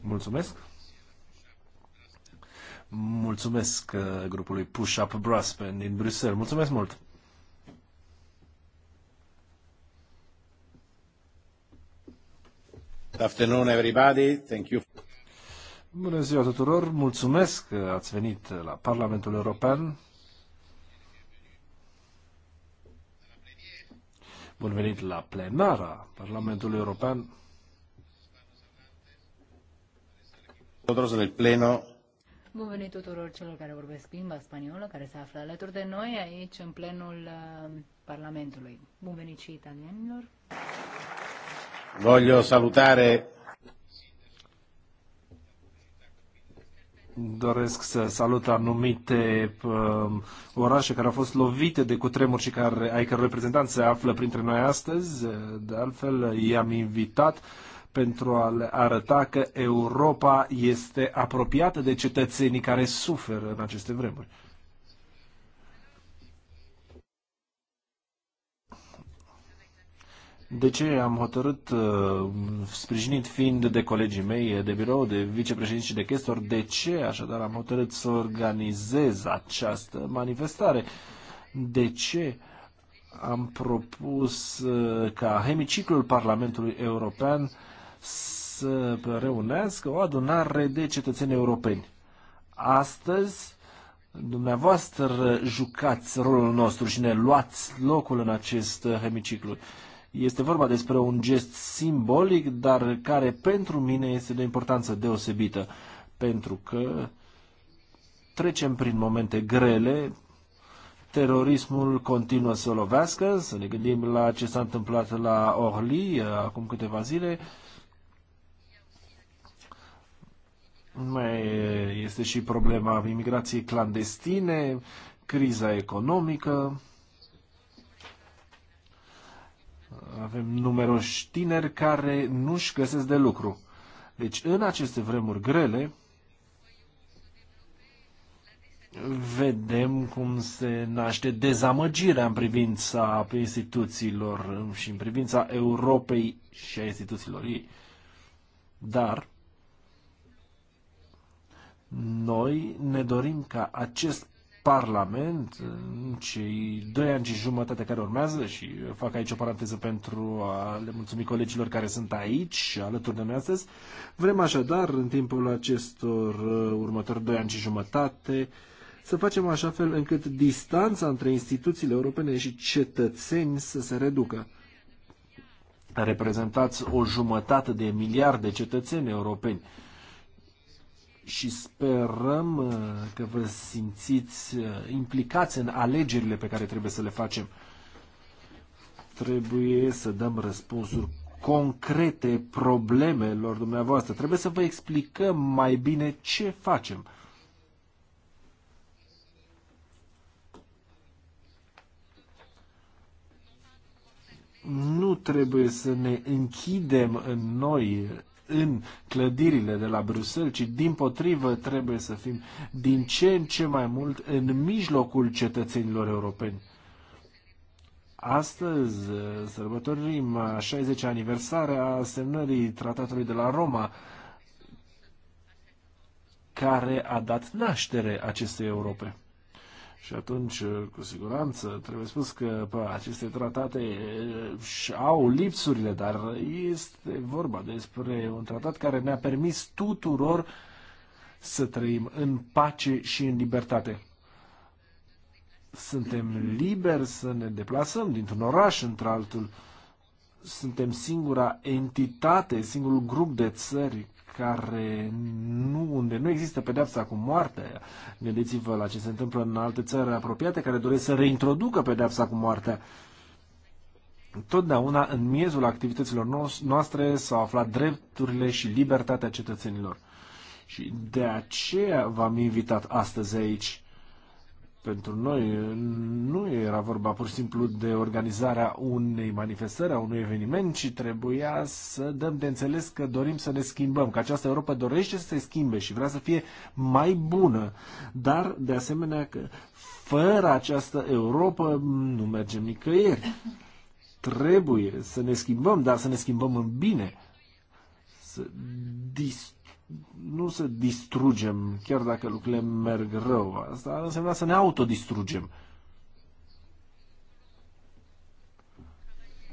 Mulțumesc. Mulțumesc uh, grupului Push Up Band din Bruxelles. Mulțumesc mult. afternoon everybody. Thank you. Bună ziua tuturor. Mulțumesc că ați venit la Parlamentul European. Bun venit la plenara Parlamentului European. todos del Pleno. Bun venit tuturor celor care vorbesc limba spaniolă, care se află alături de noi aici, în plenul uh, Parlamentului. Bun venit și italienilor. Voglio salutare doresc să salut anumite uh, orașe care au fost lovite de cutremuri și care, ai care reprezentanți se află printre noi astăzi. De altfel, i-am invitat uh, pentru a arăta că Europa este apropiată de cetățenii care suferă în aceste vremuri. De ce am hotărât, uh, sprijinit fiind de colegii mei de birou, de vicepreședinți și de chestor, de ce așadar am hotărât să organizez această manifestare? De ce am propus uh, ca hemiciclul Parlamentului European să reunească o adunare de cetățeni europeni. Astăzi, dumneavoastră jucați rolul nostru și ne luați locul în acest hemiciclu. Este vorba despre un gest simbolic, dar care pentru mine este de importanță deosebită, pentru că trecem prin momente grele, terorismul continuă să lovească, să ne gândim la ce s-a întâmplat la Orly acum câteva zile, uh, Mai eh, este și problema imigrației clandestine, criza economică. Avem numeroși tineri care nu-și găsesc de lucru. Deci, în aceste vremuri grele, vedem cum se naște dezamăgirea în privința instituțiilor și în privința Europei și a instituțiilor ei. Dar noi ne dorim ca acest Parlament în cei doi ani și jumătate care urmează și fac aici o paranteză pentru a le mulțumi colegilor care sunt aici alături de noi astăzi. Vrem așadar în timpul acestor uh, următori doi ani și jumătate să facem așa fel încât distanța între instituțiile europene și cetățeni să se reducă. Reprezentați o jumătate de miliarde de cetățeni europeni și sperăm uh, că vă simțiți uh, implicați în alegerile pe care trebuie să le facem. Trebuie să dăm răspunsuri concrete problemelor dumneavoastră. Trebuie să vă explicăm mai bine ce facem. Nu trebuie să ne închidem în noi în clădirile de la Bruxelles, ci din potrivă trebuie să fim din ce în ce mai mult în mijlocul cetățenilor europeni. Astăzi sărbătorim 60 aniversare a semnării Tratatului de la Roma, care a dat naștere acestei Europe. Și atunci, uh, cu siguranță, trebuie spus că pă, aceste tratate uh, au lipsurile, dar este vorba despre un tratat care ne-a permis tuturor să trăim în pace și în libertate. Suntem liberi să ne deplasăm dintr-un oraș într-altul. Suntem singura entitate, singurul grup de țări care nu, unde nu există pedeapsa cu moartea. Gândiți-vă la ce se întâmplă în alte țări apropiate care doresc să reintroducă pedeapsa cu moartea. Totdeauna în miezul activităților noastre s-au aflat drepturile și libertatea cetățenilor. Și de aceea v-am invitat astăzi aici pentru noi nu era vorba pur și simplu de organizarea unei manifestări, a unui eveniment, ci trebuia să dăm de înțeles că dorim să ne schimbăm, că această Europa dorește să se schimbe și vrea să fie mai bună, dar de asemenea că fără această Europa nu mergem nicăieri. Trebuie să ne schimbăm, dar să ne schimbăm în bine. Să distrugem nu să distrugem, chiar dacă lucrurile merg rău. Asta ar însemna să ne autodistrugem.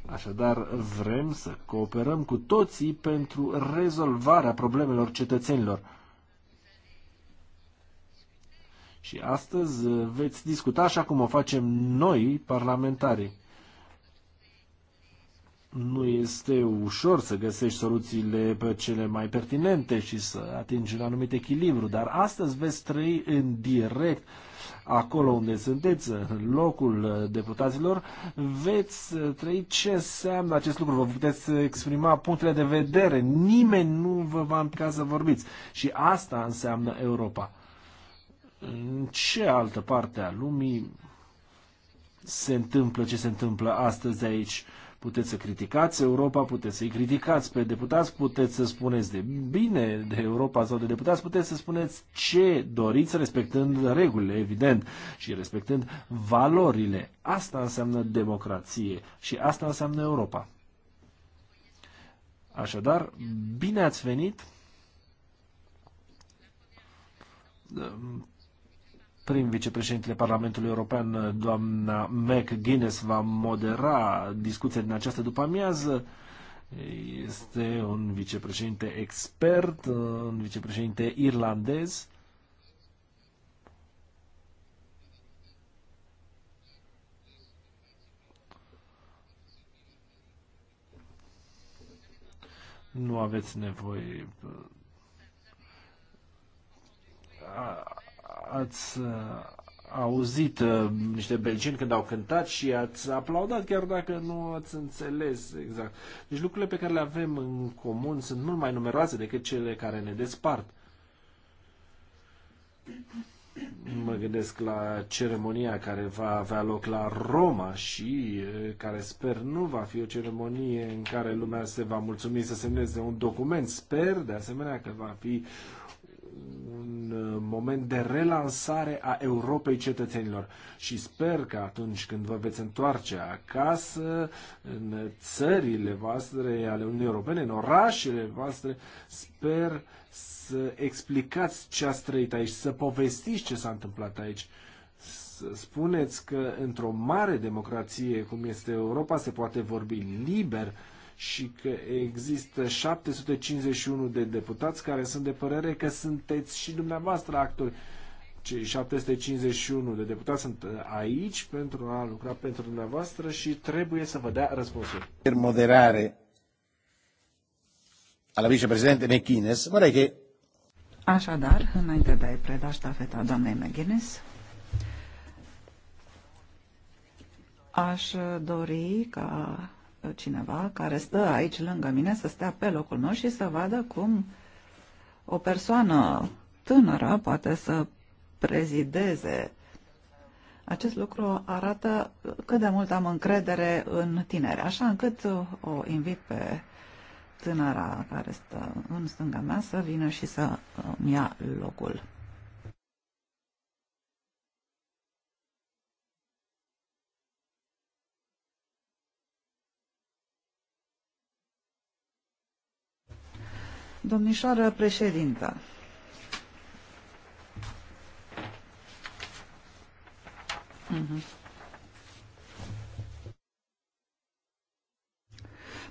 Așadar, vrem să cooperăm cu toții pentru rezolvarea problemelor cetățenilor. Și astăzi eh, veți discuta așa cum o facem noi, parlamentarii nu este ușor să găsești soluțiile pe cele mai pertinente și să atingi un anumit echilibru, dar astăzi veți trăi în direct acolo unde sunteți, în locul deputaților, veți trăi ce înseamnă acest lucru. Vă puteți exprima punctele de vedere. Nimeni nu vă va împica să vorbiți. Și asta înseamnă Europa. În ce altă parte a lumii se întâmplă ce se întâmplă astăzi aici? Puteți să criticați Europa, puteți să-i criticați pe deputați, puteți să spuneți de bine de Europa sau de deputați, puteți să spuneți ce doriți, respectând regulile, evident, și respectând valorile. Asta înseamnă democrație și asta înseamnă Europa. Așadar, bine ați venit! prim vicepreședintele Parlamentului European, doamna Guinness va modera discuția din această după amiază. Este un vicepreședinte expert, un vicepreședinte irlandez. Nu aveți nevoie ați uh, auzit uh, niște belgeni când au cântat și ați aplaudat chiar dacă nu ați înțeles exact. Deci lucrurile pe care le avem în comun sunt mult mai numeroase decât cele care ne despart. Mă gândesc la ceremonia care va avea loc la Roma și uh, care sper nu va fi o ceremonie în care lumea se va mulțumi să semneze un document. Sper de asemenea că va fi un uh, moment de relansare a Europei cetățenilor și sper că atunci când vă veți întoarce acasă, în țările voastre ale Uniunii Europene, în orașele voastre, sper să explicați ce ați trăit aici, să povestiți ce s-a întâmplat aici spuneți că într-o mare democrație cum este Europa se poate vorbi liber, și că există 751 de deputați care sunt de părere că sunteți și dumneavoastră actori. Cei 751 de deputați sunt uh, aici pentru a lucra pentru dumneavoastră și trebuie să vă dea răspunsuri. Per moderare la vicepreședinte McGuinness, vorrei che... Așadar, înainte de a-i preda ștafeta doamnei McGuinness, aș dori ca cineva care stă aici lângă mine să stea pe locul meu și să vadă cum o persoană tânără poate să prezideze. Acest lucru arată cât de mult am încredere în tineri, așa încât o invit pe tânăra care stă în stânga mea să vină și să-mi ia locul. Domnișoară președintă, mhm.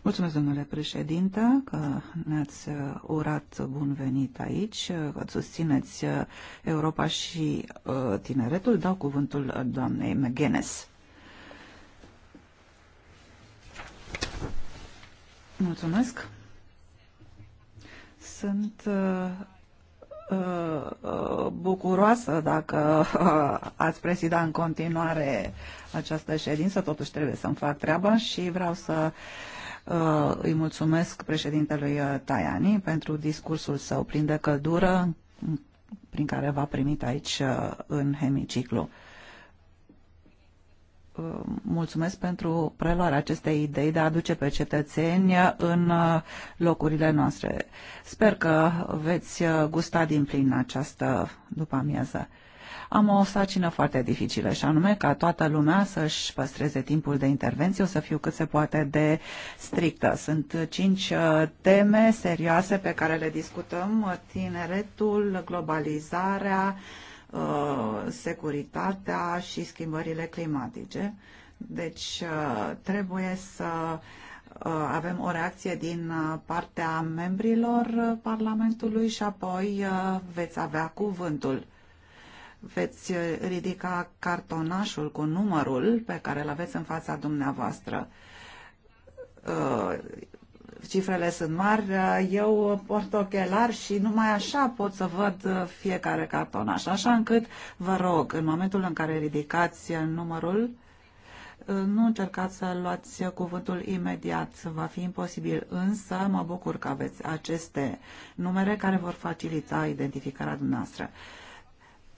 Mulțumesc, domnule președinte, că ne-ați uh, urat bun venit aici, că susțineți uh, Europa și uh, tineretul. Dau cuvântul doamnei McGuinness. Mulțumesc. Sunt uh, uh, bucuroasă dacă uh, ați presida în continuare această ședință, totuși trebuie să-mi fac treaba și vreau să îi mulțumesc președintelui Tajani pentru discursul său plin de căldură prin care v-a primit aici în hemiciclu. Uh, mulțumesc pentru preluarea acestei idei de a aduce pe cetățeni în uh, locurile noastre. Sper că veți uh, gusta din plin această după-amiază. Am o sacină foarte dificilă și anume ca toată lumea să-și păstreze timpul de intervenție, o să fiu cât se poate de strictă. Sunt cinci teme serioase pe care le discutăm, tineretul, globalizarea, Uh, securitatea și schimbările climatice. Deci uh, trebuie să uh, avem o reacție din partea membrilor Parlamentului și apoi veți avea cuvântul. Veți ridica cartonașul cu numărul pe care îl aveți în fața dumneavoastră cifrele sunt mari, uh, eu port ochelari și numai așa pot să văd uh, fiecare Așa, așa încât vă rog, în momentul în care ridicați uh, numărul, nu încercați să luați cuvântul imediat, va fi imposibil, însă mă bucur că aveți aceste numere care vor facilita identificarea dumneavoastră.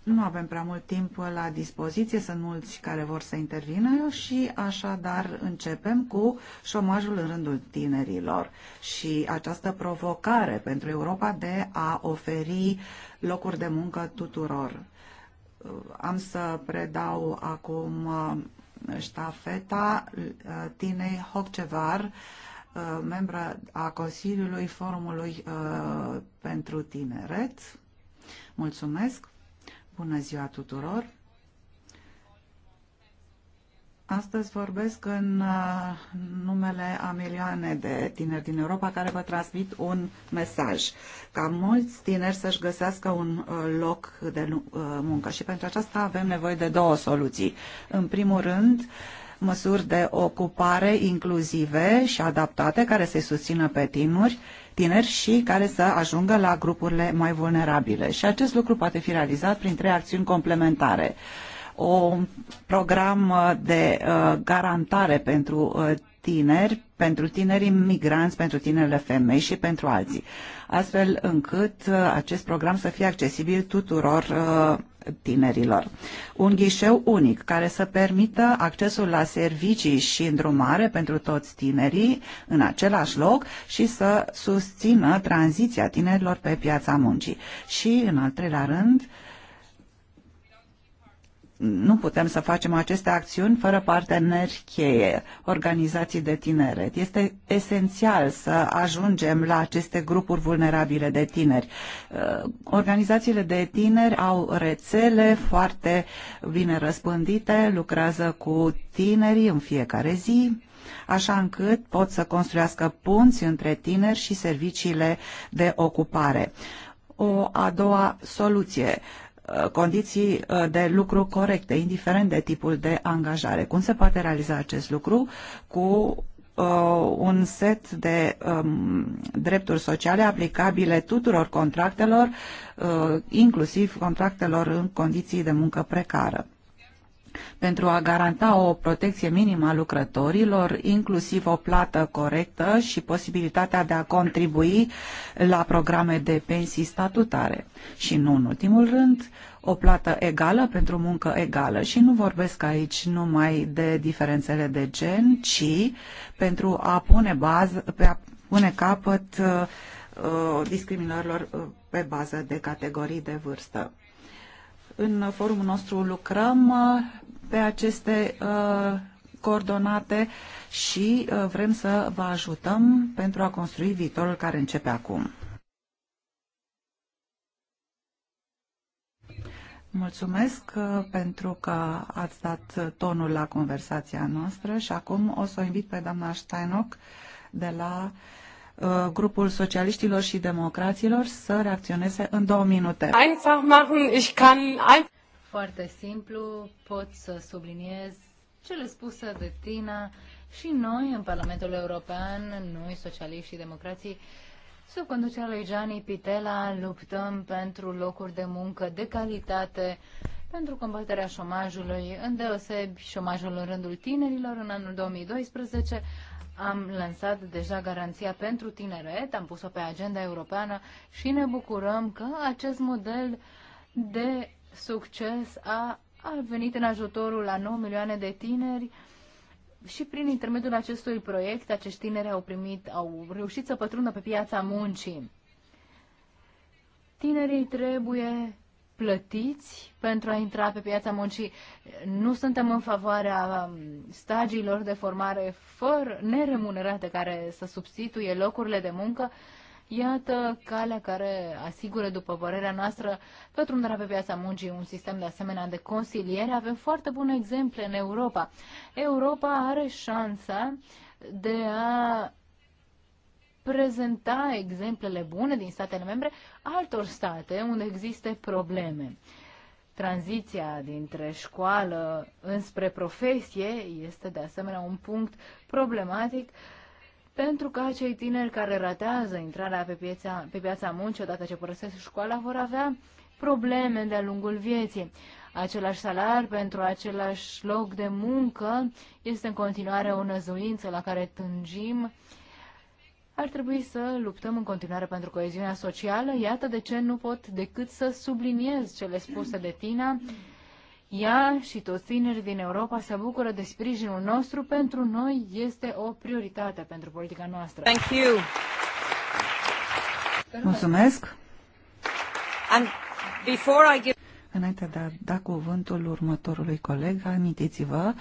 Nu avem prea mult timp la dispoziție, sunt mulți care vor să intervină și așadar începem cu șomajul în rândul tinerilor și această provocare pentru Europa de a oferi locuri de muncă tuturor. Am să predau acum uh, ștafeta uh, Tinei Hoccevar, uh, membră a Consiliului Forumului pentru Tineret. Mulțumesc! Bună ziua tuturor! Astăzi vorbesc în uh, numele a milioane de tineri din Europa care vă transmit un mesaj. Ca mulți tineri să-și găsească un uh, loc de uh, muncă și pentru aceasta avem nevoie de două soluții. În primul rând, măsuri de ocupare inclusive și adaptate care să-i susțină pe tineri tineri și care să ajungă la grupurile mai vulnerabile. Și acest lucru poate fi realizat prin trei acțiuni complementare. o program uh, de uh, garantare pentru uh, tineri, pentru tinerii migranți, pentru tinerile femei și pentru alții, astfel încât uh, acest program să fie accesibil tuturor uh, tinerilor. Un ghișeu unic care să permită accesul la servicii și îndrumare pentru toți tinerii în același loc și să susțină tranziția tinerilor pe piața muncii. Și, în al treilea rând, nu putem să facem aceste acțiuni fără parteneri cheie, organizații de tineret. Este esențial să ajungem la aceste grupuri vulnerabile de tineri. Uh, organizațiile de tineri au rețele foarte bine răspândite, lucrează cu tinerii în fiecare zi, așa încât pot să construiască punți între tineri și serviciile de ocupare. O a doua soluție Uh, condiții uh, de lucru corecte, indiferent de tipul de angajare. Cum se poate realiza acest lucru? Cu uh, un set de um, drepturi sociale aplicabile tuturor contractelor, uh, inclusiv contractelor în condiții de muncă precară pentru a garanta o protecție minimă a lucrătorilor, inclusiv o plată corectă și posibilitatea de a contribui la programe de pensii statutare. Și nu în ultimul rând, o plată egală pentru muncă egală și nu vorbesc aici numai de diferențele de gen, ci pentru a pune, bază, a pune capăt uh, uh, discriminărilor uh, pe bază de categorii de vârstă. În forumul nostru lucrăm pe aceste uh, coordonate și uh, vrem să vă ajutăm pentru a construi viitorul care începe acum. Mulțumesc uh, pentru că ați dat tonul la conversația noastră și acum o să o invit pe doamna Steinock de la uh, grupul socialiștilor și democraților să reacționeze în două minute. Einfach machen, ich kann foarte simplu pot să subliniez cele spuse de Tina și noi în Parlamentul European, noi socialiști și democrații, sub conducerea lui Gianni Pitela luptăm pentru locuri de muncă de calitate, pentru combaterea șomajului, îndeosebi șomajul în rândul tinerilor. În anul 2012 am lansat deja garanția pentru tineret, am pus-o pe agenda europeană și ne bucurăm că acest model de succes a, a venit în ajutorul la 9 milioane de tineri și prin intermediul acestui proiect acești tineri au primit, au reușit să pătrundă pe piața muncii. Tinerii trebuie plătiți pentru a intra pe piața muncii. Nu suntem în favoarea um, stagiilor de formare fără neremunerate care să substituie locurile de muncă. Iată calea care asigură, după părerea noastră, pentru un pe piața muncii, un sistem de asemenea de consiliere. Avem foarte bune exemple în Europa. Europa are șansa de a prezenta exemplele bune din statele membre altor state unde există probleme. Tranziția dintre școală înspre profesie este de asemenea un punct problematic uh, pentru că acei tineri care ratează intrarea pe piața, pe piața muncii odată ce părăsesc școala vor avea probleme de-a lungul vieții. Același salar pentru același loc de muncă este în continuare o năzuință la care tângim. Ar trebui să luptăm în continuare pentru coeziunea socială. Iată de ce nu pot decât să subliniez cele spuse de Tina ea și toți tinerii din Europa se bucură de sprijinul nostru. Pentru noi este o prioritate pentru politica noastră. Thank you. Mulțumesc. And before I give... Înainte de a da cuvântul următorului coleg, amintiți-vă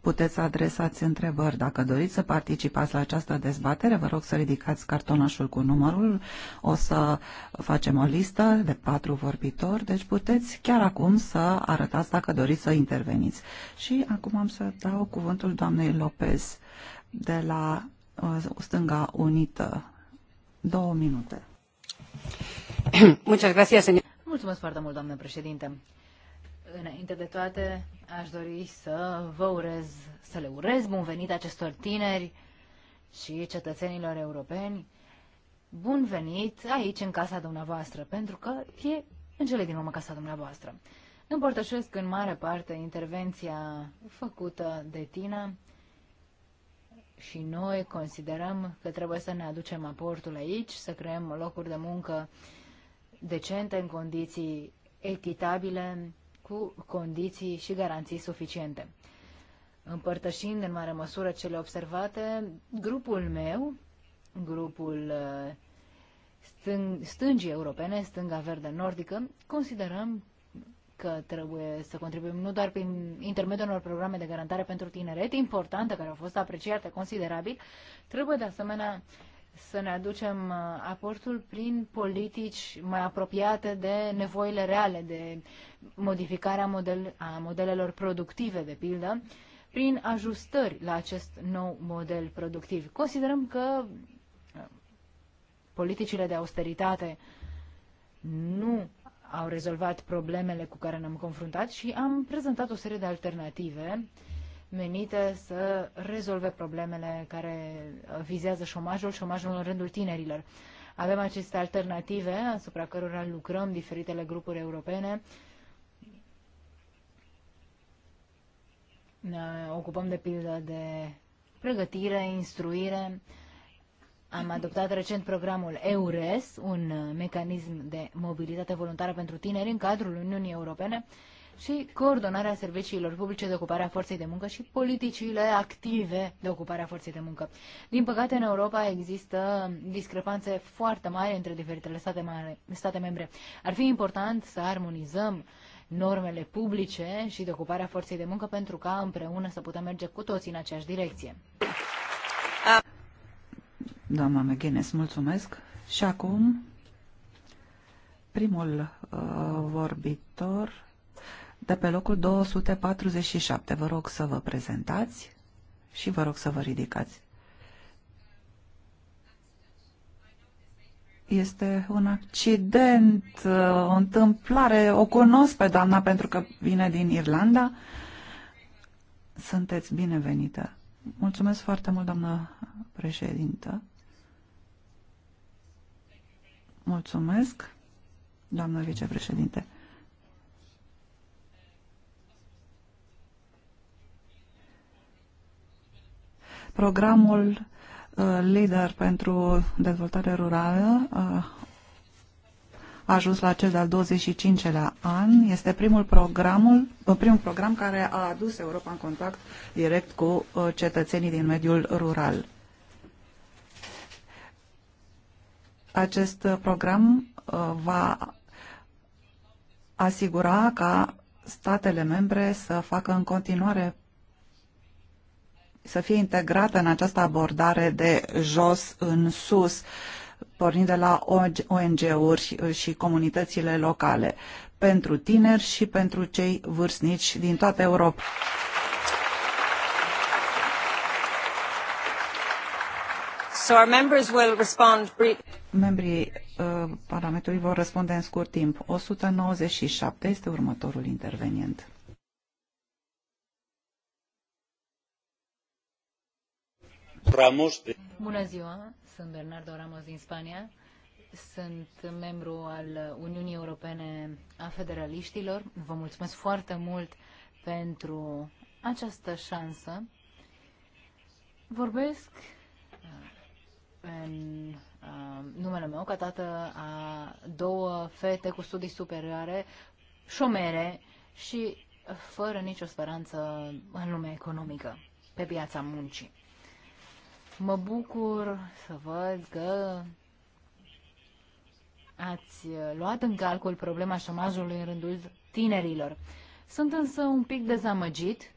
puteți să adresați întrebări. Dacă doriți să participați la această dezbatere, vă rog să ridicați cartonașul cu numărul. O să facem o listă de patru vorbitori, deci puteți chiar acum să arătați dacă doriți să interveniți. Și acum am să dau cuvântul doamnei Lopez de la uh, Stânga Unită. Două minute. Mulțumesc foarte mult, doamnă președinte. Înainte de toate, aș dori să vă urez, să le urez bun venit acestor tineri și cetățenilor europeni. Bun venit aici, în casa dumneavoastră, pentru că e în cele din urmă casa dumneavoastră. Împărtășesc în mare parte intervenția făcută de tine și noi considerăm că trebuie să ne aducem aportul aici, să creăm locuri de muncă decente în condiții echitabile, cu condiții și garanții suficiente. Împărtășind în mare măsură cele observate, grupul meu, grupul uh, stâng- stângii europene, stânga verde nordică, considerăm că trebuie să contribuim nu doar prin intermediul unor programe de garantare pentru tineret importante care au fost apreciate considerabil, trebuie de asemenea să ne aducem uh, aportul prin politici mai apropiate de nevoile reale, de modificarea model, a modelelor productive, de pildă, prin ajustări la acest nou model productiv. Considerăm că uh, politicile de austeritate nu au rezolvat problemele cu care ne-am confruntat și am prezentat o serie de alternative menite să rezolve problemele care vizează șomajul, șomajul în rândul tinerilor. Avem aceste alternative asupra cărora lucrăm diferitele grupuri europene. Ne ocupăm de pildă de pregătire, instruire. Am adoptat recent programul EURES, un mecanism de mobilitate voluntară pentru tineri în cadrul Uniunii Europene și coordonarea serviciilor publice de ocupare a forței de muncă și politicile active de ocupare a forței de muncă. Din păcate, în Europa există discrepanțe foarte mari între diferitele state, mare, state membre. Ar fi important să armonizăm normele publice și de ocuparea forței de muncă pentru ca împreună să putem merge cu toții în aceeași direcție. Doamna McGuinness, mulțumesc. Și acum, primul uh, vorbitor, de pe locul 247. Vă rog să vă prezentați și vă rog să vă ridicați. Este un accident, o întâmplare. O cunosc pe doamna pentru că vine din Irlanda. Sunteți binevenită. Mulțumesc foarte mult, doamnă președintă. Mulțumesc, doamnă vicepreședinte. Programul uh, LIDER pentru dezvoltare rurală uh, a ajuns la cel de-al 25-lea an. Este primul, programul, uh, primul program care a adus Europa în contact direct cu cetățenii din mediul rural. Acest program va asigura ca statele membre să facă în continuare să fie integrată în această abordare de jos în sus, pornind de la ONG-uri și comunitățile locale, pentru tineri și pentru cei vârstnici din toată Europa. So our members will respond Membrii uh, Parlamentului vor răspunde în scurt timp. 197 este următorul intervenient. Ramos. Bună ziua, sunt Bernardo Ramos din Spania. Sunt membru al Uniunii Europene a Federaliștilor. Vă mulțumesc foarte mult pentru această șansă. Vorbesc uh, în uh, numele meu ca tată a două fete cu studii superioare, șomere și fără nicio speranță în lumea economică, pe piața muncii. Mă bucur să văd că ați luat în calcul problema șomajului în rândul tinerilor. Sunt însă un pic dezamăgit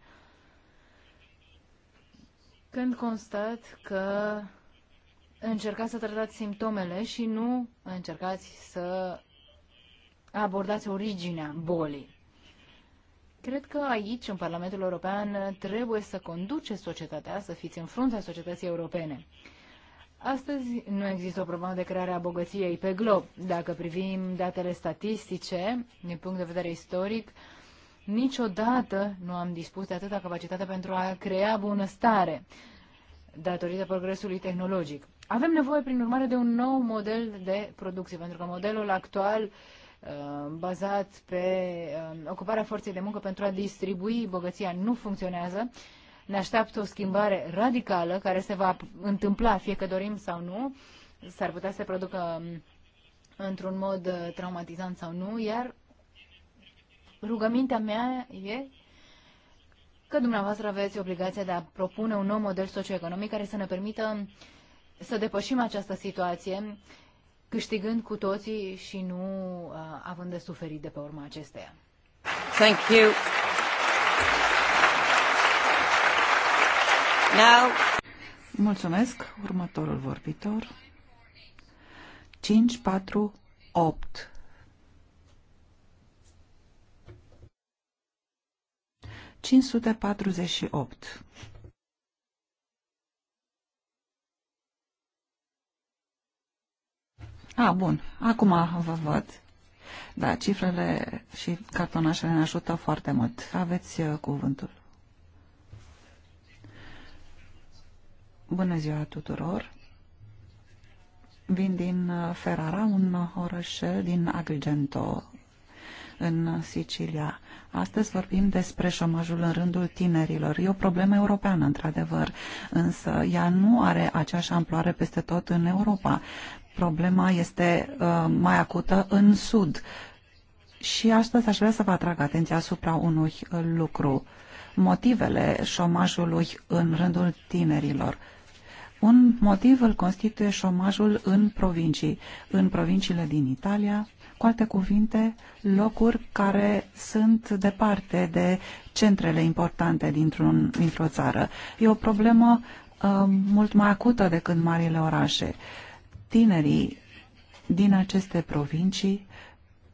când constat că încercați să tratați simptomele și nu încercați să abordați originea bolii. Cred că aici, în Parlamentul European, trebuie să conduce societatea, să fiți în fruntea societății europene. Astăzi nu există o problemă de creare a bogăției pe glob. Dacă privim datele statistice, din punct de vedere istoric, niciodată nu am dispus de atâta capacitate pentru a crea bunăstare datorită progresului tehnologic. Avem nevoie, prin urmare, de un nou model de producție, pentru că modelul actual uh, Uh, bazat pe uh, ocuparea forței de muncă pentru a distribui bogăția nu funcționează. Ne așteaptă o schimbare radicală care se va întâmpla, fie că dorim sau nu. S-ar putea să se producă um, într-un mod uh, traumatizant sau nu, iar rugămintea mea e că dumneavoastră aveți obligația de a propune un nou model socioeconomic care să ne permită să depășim această situație câștigând cu toții și nu uh, având de suferit de pe urma acesteia. Thank you. Now. Mulțumesc. Următorul vorbitor. 5, 4, 8. Cinci sute patruzeci și opt. A, ah, bun. Acum vă văd. Da, cifrele și cartonașele ne ajută foarte mult. Aveți uh, cuvântul. Bună ziua tuturor! Vin din uh, Ferrara, un orășel din Agrigento, în Sicilia. Astăzi vorbim despre șomajul în rândul tinerilor. E o problemă europeană, într-adevăr, însă ea nu are aceeași amploare peste tot în Europa problema este uh, mai acută în sud. Și astăzi aș vrea să vă atrag atenția asupra unui uh, lucru. Motivele șomajului în rândul tinerilor. Un motiv îl constituie șomajul în provincii, în provinciile din Italia, cu alte cuvinte, locuri care sunt departe de centrele importante dintr-un, dintr-o țară. E o problemă uh, mult mai acută decât marile orașe. Uh, tinerii din aceste provincii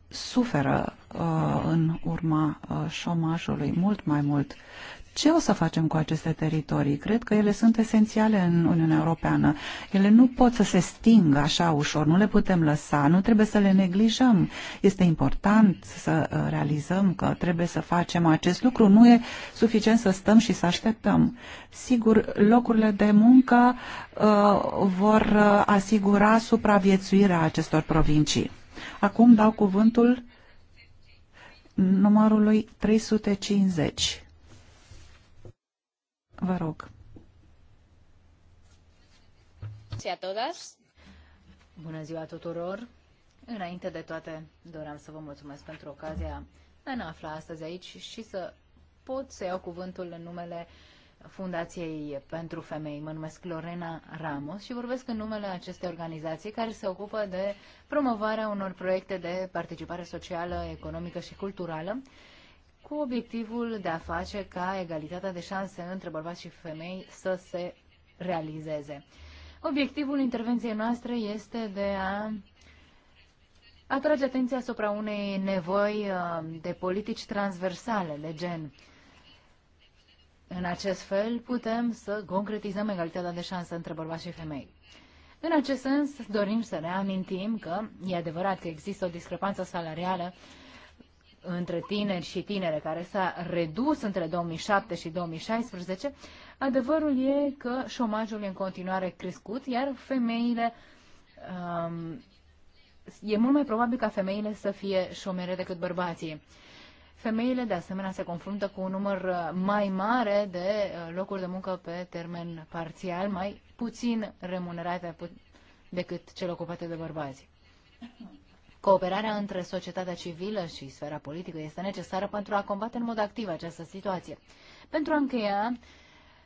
suferă uh, în urma uh, șomajului mult mai mult ce o să facem cu aceste teritorii? Cred că ele sunt esențiale în Uniunea Europeană. Ele nu pot să se stingă așa ușor, nu le putem lăsa, nu trebuie să le neglijăm. Este important să uh, realizăm că trebuie să facem acest lucru. Nu e suficient să stăm și să așteptăm. Sigur, locurile de muncă uh, vor uh, asigura supraviețuirea acestor provincii. Acum dau cuvântul numărului 350. Vă rog. Bună ziua tuturor! Înainte de toate, doream să vă mulțumesc pentru ocazia de a ne afla astăzi aici și să pot să iau cuvântul în numele Fundației pentru Femei. Mă numesc Lorena Ramos și vorbesc în numele acestei organizații care se ocupă de promovarea unor proiecte de participare socială, economică și culturală cu obiectivul de a face ca egalitatea de șanse între bărbați și femei să se realizeze. Obiectivul intervenției noastre este de a atrage atenția asupra unei nevoi uh, de politici transversale de gen. În acest fel putem să concretizăm egalitatea de șanse între bărbați și femei. În acest sens, dorim să ne amintim că e adevărat că există o discrepanță salarială între tineri și tinere, care s-a redus între 2007 și 2016, adevărul e că șomajul e în continuare crescut, iar femeile um, e mult mai probabil ca femeile să fie șomere decât bărbații. Femeile, de asemenea, se confruntă cu un număr mai mare de uh, locuri de muncă pe termen parțial, mai puțin remunerate decât cele ocupate de bărbați. Cooperarea între societatea civilă și sfera politică este necesară pentru a combate în mod activ această situație. Pentru a încheia,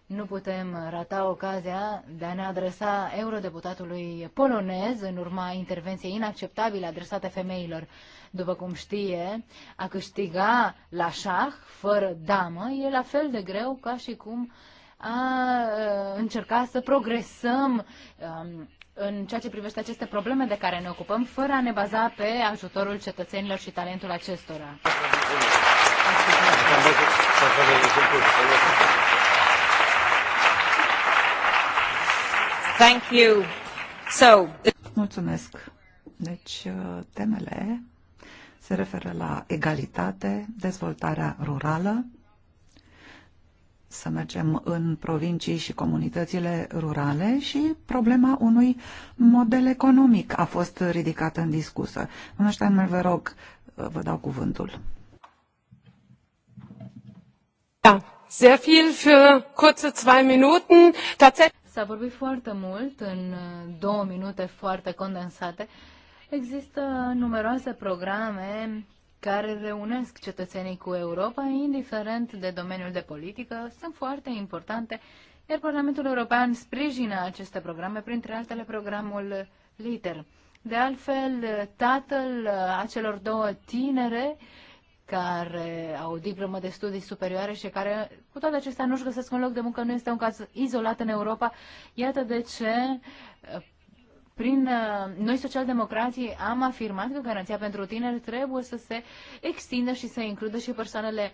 nu putem rata ocazia de a ne adresa eurodeputatului polonez în urma intervenției inacceptabile adresate femeilor. După cum știe, a câștiga la șah, fără damă, e la fel de greu ca și cum a uh, încerca să progresăm um, în ceea ce privește aceste probleme de care ne ocupăm, fără a ne baza pe ajutorul cetățenilor și talentul acestora. Thank you. So, Mulțumesc. Deci, uh, temele se referă la egalitate, dezvoltarea rurală, să mergem în provincii și comunitățile rurale și problema unui model economic a fost ridicată în discusă. Domnul Steinmeier, vă rog, vă dau cuvântul. Da, sehr viel für kurze zwei Minuten. S-a vorbit foarte mult în uh, două minute foarte condensate. Există numeroase programe care reunesc cetățenii cu Europa, indiferent de domeniul de politică, sunt foarte importante, iar Parlamentul European sprijină aceste programe, printre altele programul LITER. De altfel, tatăl acelor două tinere care au o diplomă de studii superioare și care, cu toate acestea, nu-și găsesc un loc de muncă, nu este un caz izolat în Europa. Iată de ce prin uh, noi socialdemocrații am afirmat că garanția pentru tineri trebuie să se extindă și să includă și persoanele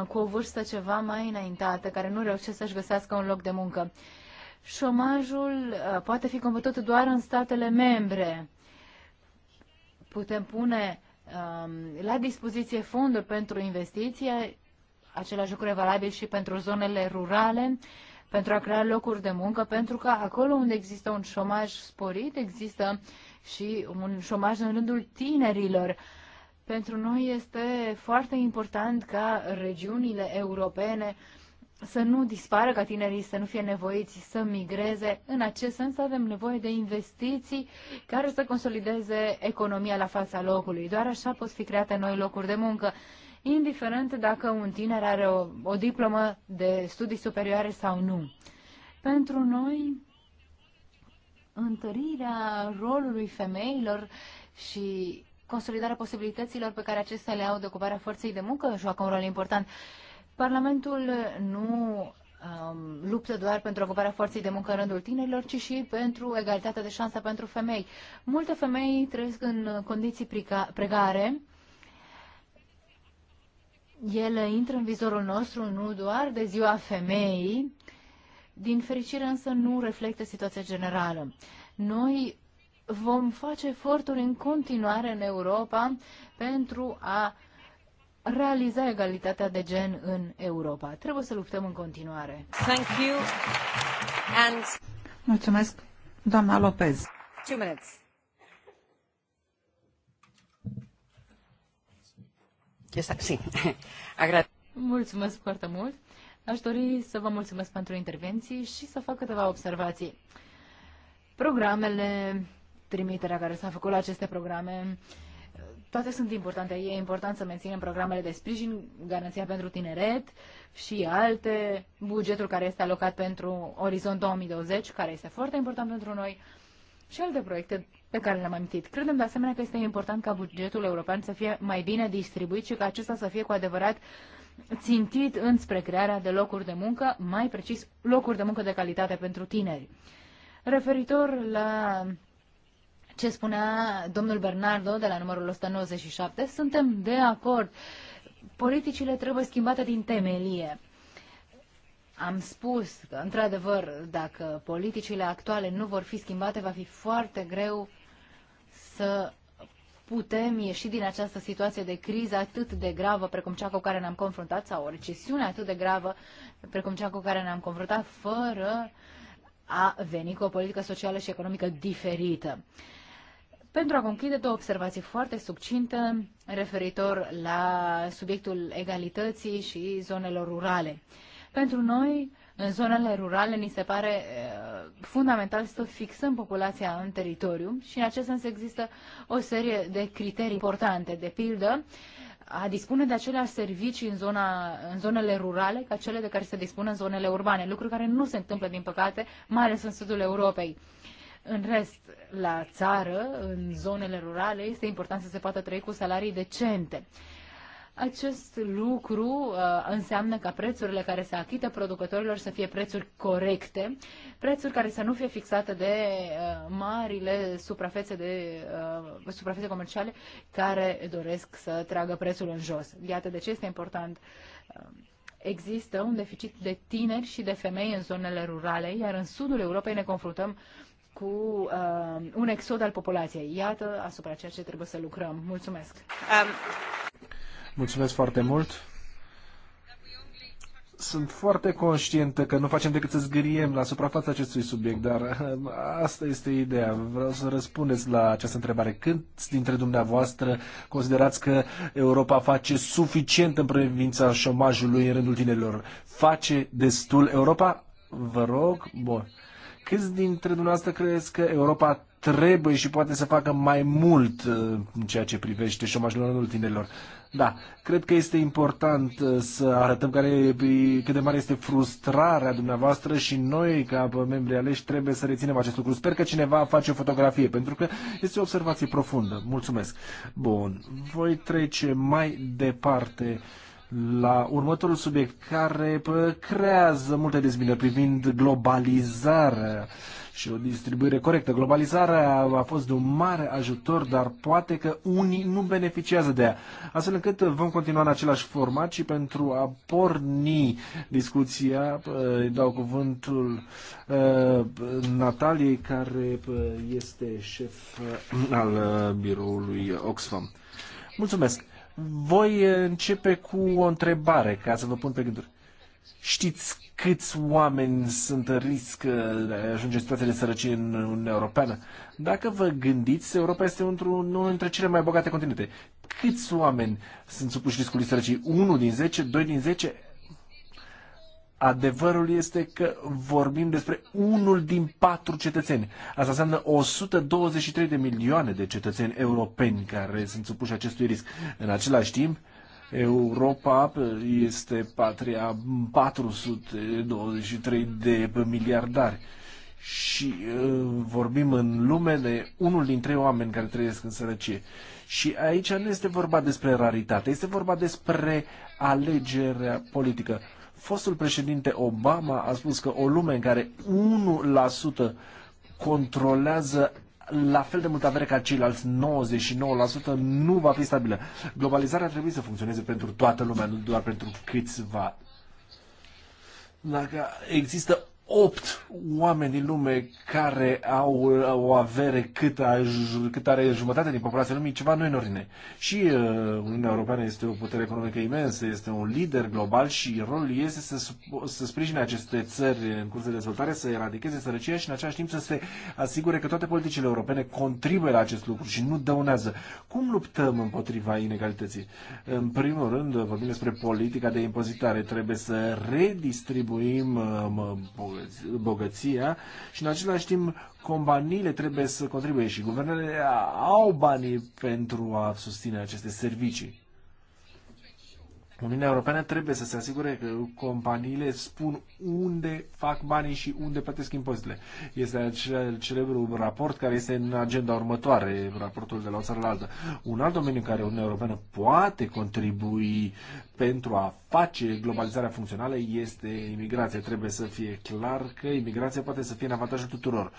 uh, cu o vârstă ceva mai înaintată, care nu reușesc să-și găsească un loc de muncă. Șomajul uh, poate fi combătut doar în statele membre. Putem pune uh, la dispoziție fonduri pentru investiție, același lucru e valabil și pentru zonele rurale, uh, pentru a crea locuri de muncă, pentru că acolo unde există un șomaj sporit, există și un șomaj în rândul tinerilor. Pentru noi este foarte important ca regiunile europene să nu dispară ca tinerii, să nu fie nevoiți să migreze. În acest sens avem nevoie de investiții care să consolideze economia la fața locului. Doar așa pot fi create noi locuri de muncă indiferent dacă un tiner are o, o diplomă de studii superioare sau nu. Pentru noi, întărirea rolului femeilor și consolidarea posibilităților pe care acestea le au de ocuparea forței de muncă joacă un rol important. Parlamentul nu um, luptă doar pentru ocuparea forței de muncă în rândul tinerilor, ci și pentru egalitatea de șansă pentru femei. Multe femei trăiesc în condiții precare ele intră în vizorul nostru nu doar de ziua femeii, din fericire însă nu reflectă situația generală. Noi vom face eforturi în continuare în Europa pentru a realiza egalitatea de gen în Europa. Trebuie să luptăm în continuare. Thank you. And... Mulțumesc, doamna Lopez. Two minutes. Mulțumesc foarte mult. Aș dori să vă mulțumesc pentru intervenții și să fac câteva observații. Programele, trimiterea care s-a făcut la aceste programe, toate sunt importante. E important să menținem programele de sprijin, garanția pentru tineret și alte, bugetul care este alocat pentru Orizont 2020, care este foarte important pentru noi și alte proiecte pe care le-am amintit. Credem de asemenea că este important ca bugetul european să fie mai bine distribuit și ca acesta să fie cu adevărat țintit înspre crearea de locuri de muncă, mai precis locuri de muncă de calitate pentru tineri. Referitor la ce spunea domnul Bernardo de la numărul 197, suntem de acord. Politicile trebuie schimbate din temelie am spus că, într-adevăr, dacă politicile actuale nu vor fi schimbate, va fi foarte greu să putem ieși din această situație de criză atât de gravă precum cea cu care ne-am confruntat sau o recesiune atât de gravă precum cea cu care ne-am confruntat fără a veni cu o politică socială și economică diferită. Pentru a conchide două observații foarte succinte referitor la subiectul egalității și zonelor rurale. Uh, pentru noi, în zonele rurale, ni se pare eh, fundamental să fixăm populația în teritoriu și în acest sens există o serie de criterii importante. De pildă, a dispune de aceleași servicii în, zona, în zonele rurale ca cele de care se dispune în zonele urbane, lucru care nu se întâmplă, din păcate, mai ales în sudul Europei. În rest, la țară, în zonele rurale, este important să se poată trăi cu salarii decente. Acest lucru uh, înseamnă ca prețurile care se achită producătorilor să fie prețuri corecte, prețuri care să nu fie fixate de uh, marile suprafețe, de, uh, suprafețe comerciale care doresc să tragă prețul în jos. Iată de ce este important. Uh, există un deficit de tineri și de femei în zonele rurale, iar în sudul Europei ne confruntăm cu uh, un exod al populației. Iată asupra ceea ce trebuie să lucrăm. Mulțumesc! Um. Mulțumesc foarte mult. Sunt foarte conștientă că nu facem decât să zgâriem la suprafața acestui subiect, dar ehm, asta este ideea. Vreau să răspundeți la această întrebare. Câți dintre dumneavoastră considerați că Europa face suficient în prevința șomajului în rândul tinerilor? Face destul Europa? Vă rog, bun. Câți dintre dumneavoastră credeți că Europa trebuie și poate să facă mai mult eh, în ceea ce privește șomajul în rândul tinerilor? Da, cred că este important uh, să arătăm care, cât de mare este frustrarea dumneavoastră și noi, ca membri aleși, trebuie să reținem acest lucru. Sper că cineva face o fotografie, pentru că este o observație profundă. Mulțumesc. Bun, voi trece mai departe la următorul subiect care creează multe dezbinări privind globalizarea și o distribuire corectă. Globalizarea a fost de un mare ajutor, dar poate că unii nu beneficiază de ea. Astfel încât vom continua în același format și pentru a porni discuția, îi dau cuvântul ă, Nataliei, care este șef ă, al ă, biroului Oxfam. Mulțumesc! voi începe cu o întrebare ca să vă pun pe gânduri. Știți câți oameni sunt în risc uh, de a ajunge în situația de sărăcie în Uniunea Europeană? Dacă vă gândiți, Europa este unul dintre cele mai bogate continente. Câți oameni sunt supuși riscului sărăciei? 1 din 10, 2 din 10, Adevărul este că vorbim despre unul din patru cetățeni. Asta înseamnă 123 de milioane de cetățeni europeni care sunt supuși acestui risc. În același timp, Europa este patria 423 de miliardari și uh, vorbim în lume de unul din trei oameni care trăiesc în sărăcie. Și aici nu este vorba despre raritate, este vorba despre alegerea politică. Fostul președinte Obama a spus că o lume în care 1% controlează la fel de multă avere ca ceilalți 99% nu va fi stabilă. Globalizarea trebuie să funcționeze pentru toată lumea, nu doar pentru câțiva. Dacă există Opt oameni din lume care au o avere cât, a, cât are jumătate din populația lumii, ceva nu în ordine. Și uh, Uniunea Europeană este o putere economică imensă, este un lider global și rolul este să, să sprijine aceste țări în curs de dezvoltare, să eradicheze sărăcia și în același timp să se asigure că toate politicile europene contribuie la acest lucru și nu dăunează. Cum luptăm împotriva inegalității? În primul rând, vorbim despre politica de impozitare. Trebuie să redistribuim uh, bogăția și în același timp companiile trebuie să contribuie și guvernele au banii pentru a susține aceste servicii. Uniunea Europeană trebuie să se asigure că companiile spun unde fac banii și unde plătesc impozitele. Este acel celebru raport care este în agenda următoare, raportul de la o țară la altă. Un alt domeniu în care Uniunea Europeană poate contribui pentru a face globalizarea funcțională este imigrația. Trebuie să fie clar că imigrația poate să fie în avantajul tuturor.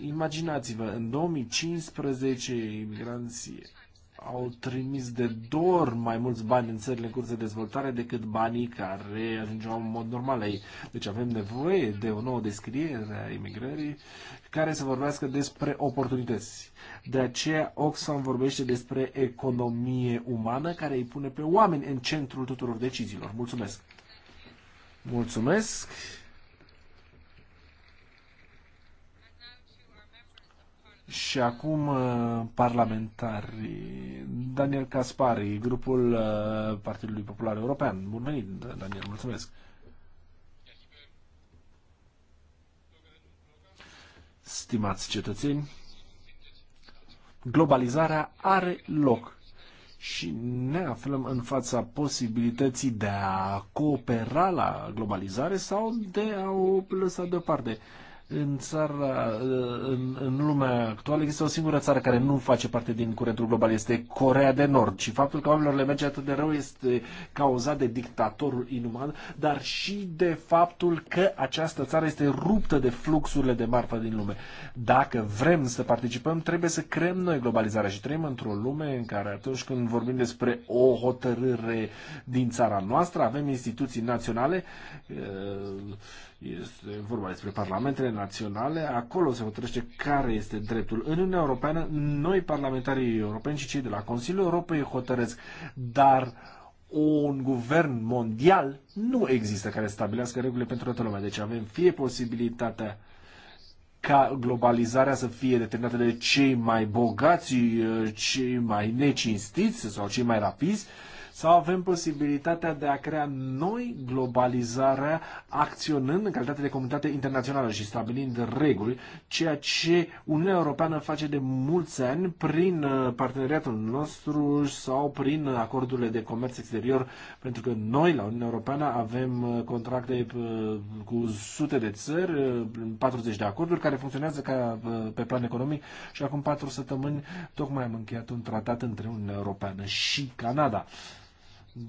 Imaginați-vă, în 2015 imigranții au trimis de dor mai mulți bani în țările în curs de dezvoltare decât banii care ajungeau în mod normal ei. Deci avem nevoie de o nouă descriere a imigrării care să vorbească despre oportunități. De aceea Oxfam vorbește despre economie umană care îi pune pe oameni în centrul tuturor deciziilor. Mulțumesc! Mulțumesc! Și acum uh, parlamentari Daniel Caspari, grupul uh, Partidului Popular European. Bun venit, Daniel, mulțumesc. Stimați cetățeni, globalizarea are loc și ne aflăm în fața posibilității de a coopera la globalizare sau de a o lăsa deoparte. Uh, în țara, în, în lumea actuală, există o singură țară care nu face parte din curentul global, este Corea de Nord. Și faptul că oamenilor le merge atât de rău este cauzat de dictatorul inuman, dar și de faptul că această țară este ruptă de fluxurile de marfă din lume. Dacă vrem să participăm, trebuie să creăm noi globalizarea și trăim într-o lume în care atunci când vorbim despre o hotărâre din țara noastră, avem instituții naționale este vorba despre parlamentele naționale, acolo se hotărăște care este dreptul. În Uniunea Europeană, noi parlamentarii europeni și cei de la Consiliul Europei hotărăsc, dar un guvern mondial nu există care stabilească regulile pentru toată lumea. Deci avem fie posibilitatea ca globalizarea să fie determinată de cei mai bogați, cei mai necinstiți sau cei mai rapizi, sau avem posibilitatea de a crea noi globalizarea acționând în calitate de comunitate internațională și stabilind reguli, ceea ce Uniunea Europeană face de mulți ani prin uh, parteneriatul nostru sau prin acordurile de comerț exterior, pentru că noi la Uniunea Europeană avem uh, contracte uh, cu sute de țări, 40 de acorduri care funcționează ca pe plan economic și acum patru săptămâni tocmai am încheiat un tratat între Uniunea Europeană și Canada.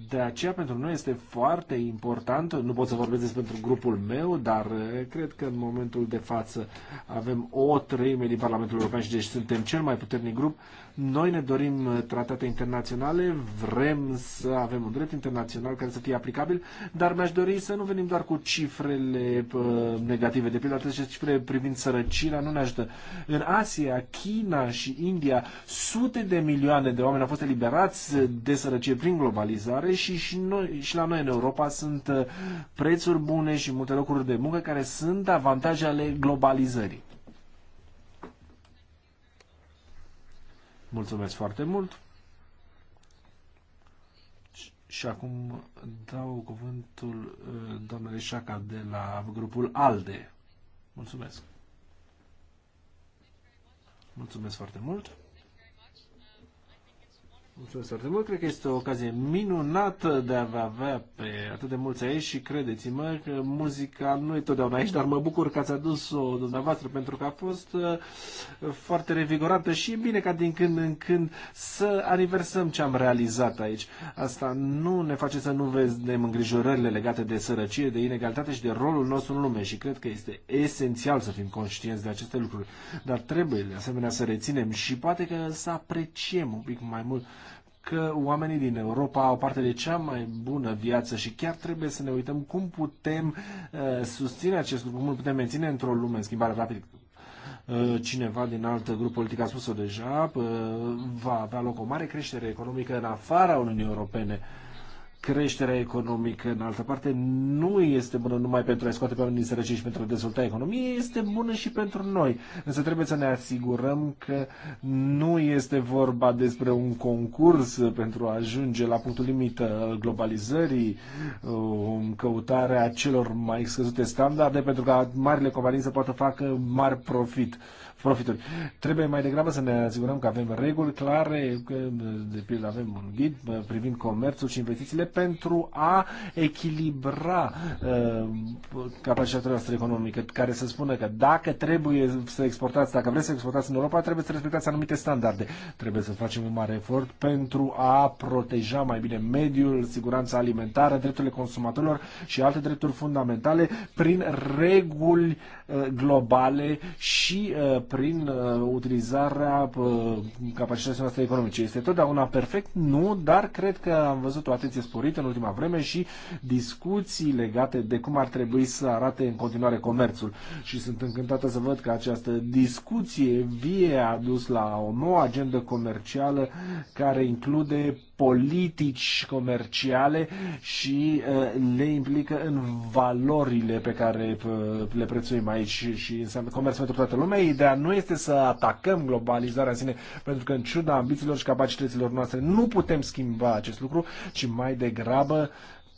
De aceea pentru noi este foarte important, nu pot să vorbesc despre grupul meu, dar eh, cred că în momentul de față avem o treime din Parlamentul European și deci suntem cel mai puternic grup noi ne dorim uh, tratate internaționale, vrem să avem un drept internațional care să fie aplicabil, dar mi-aș dori să nu venim doar cu cifrele uh, negative. De pildă, aceste cifre privind sărăcirea nu ne ajută. În Asia, China și India, sute de milioane de oameni au fost eliberați de sărăcie prin globalizare și, și, noi, și la noi în Europa sunt uh, prețuri bune și multe locuri de muncă care sunt avantaje ale globalizării. Mulțumesc foarte mult. Și acum dau cuvântul uh, doamnei Șaca de la grupul ALDE. Mulțumesc. Mulțumesc foarte mult. Mulțumesc foarte mult. Cred că este o ocazie minunată de a vă avea pe atât de mulți aici și credeți-mă că muzica nu e totdeauna aici, dar mă bucur că ați adus-o dumneavoastră pentru că a fost uh, foarte revigorată și e bine ca din când în când să aniversăm ce am realizat aici. Asta nu ne face să nu vedem îngrijorările legate de sărăcie, de inegalitate și de rolul nostru în lume și cred că este esențial să fim conștienți de aceste lucruri. Dar trebuie de asemenea să reținem și poate că să apreciem un pic mai mult că oamenii din Europa au parte de cea mai bună viață și chiar trebuie să ne uităm cum putem uh, susține acest lucru, cum îl putem menține într-o lume în schimbare rapid. Uh, cineva din alt grup politic a spus-o deja, uh, va avea loc o mare creștere economică în afara Uniunii Europene. Uh, creșterea economică în altă parte nu este bună numai pentru a scoate pe oamenii sărăcii și pentru a dezvolta economie, este bună și pentru noi. Însă trebuie să ne asigurăm că nu este vorba despre un concurs pentru a ajunge la punctul limită al globalizării, um, căutarea celor mai scăzute standarde pentru ca marile companii să poată facă mari profit profituri. Trebuie mai degrabă să ne asigurăm că avem reguli clare, că de pildă avem un ghid privind comerțul și investițiile pentru a echilibra uh, capacitatea noastră economică, care să spună că dacă trebuie să exportați, dacă vreți să exportați în Europa, trebuie să respectați anumite standarde. Trebuie să facem un mare efort pentru a proteja mai bine mediul, siguranța alimentară, drepturile consumatorilor și alte drepturi fundamentale prin reguli uh, globale și uh, prin uh, utilizarea uh, capacității noastre economice. Este totdeauna perfect? Nu, dar cred că am văzut o atenție sporită în ultima vreme și discuții legate de cum ar trebui să arate în continuare comerțul. Și sunt încântată să văd că această discuție vie a dus la o nouă agendă comercială care include politici comerciale și uh, le implică în valorile pe care uh, le prețuim aici și înseamnă comerț pentru toată lumea. Ideea nu este să atacăm globalizarea în sine, pentru că în ciuda ambițiilor și capacităților noastre nu putem schimba acest lucru, ci mai degrabă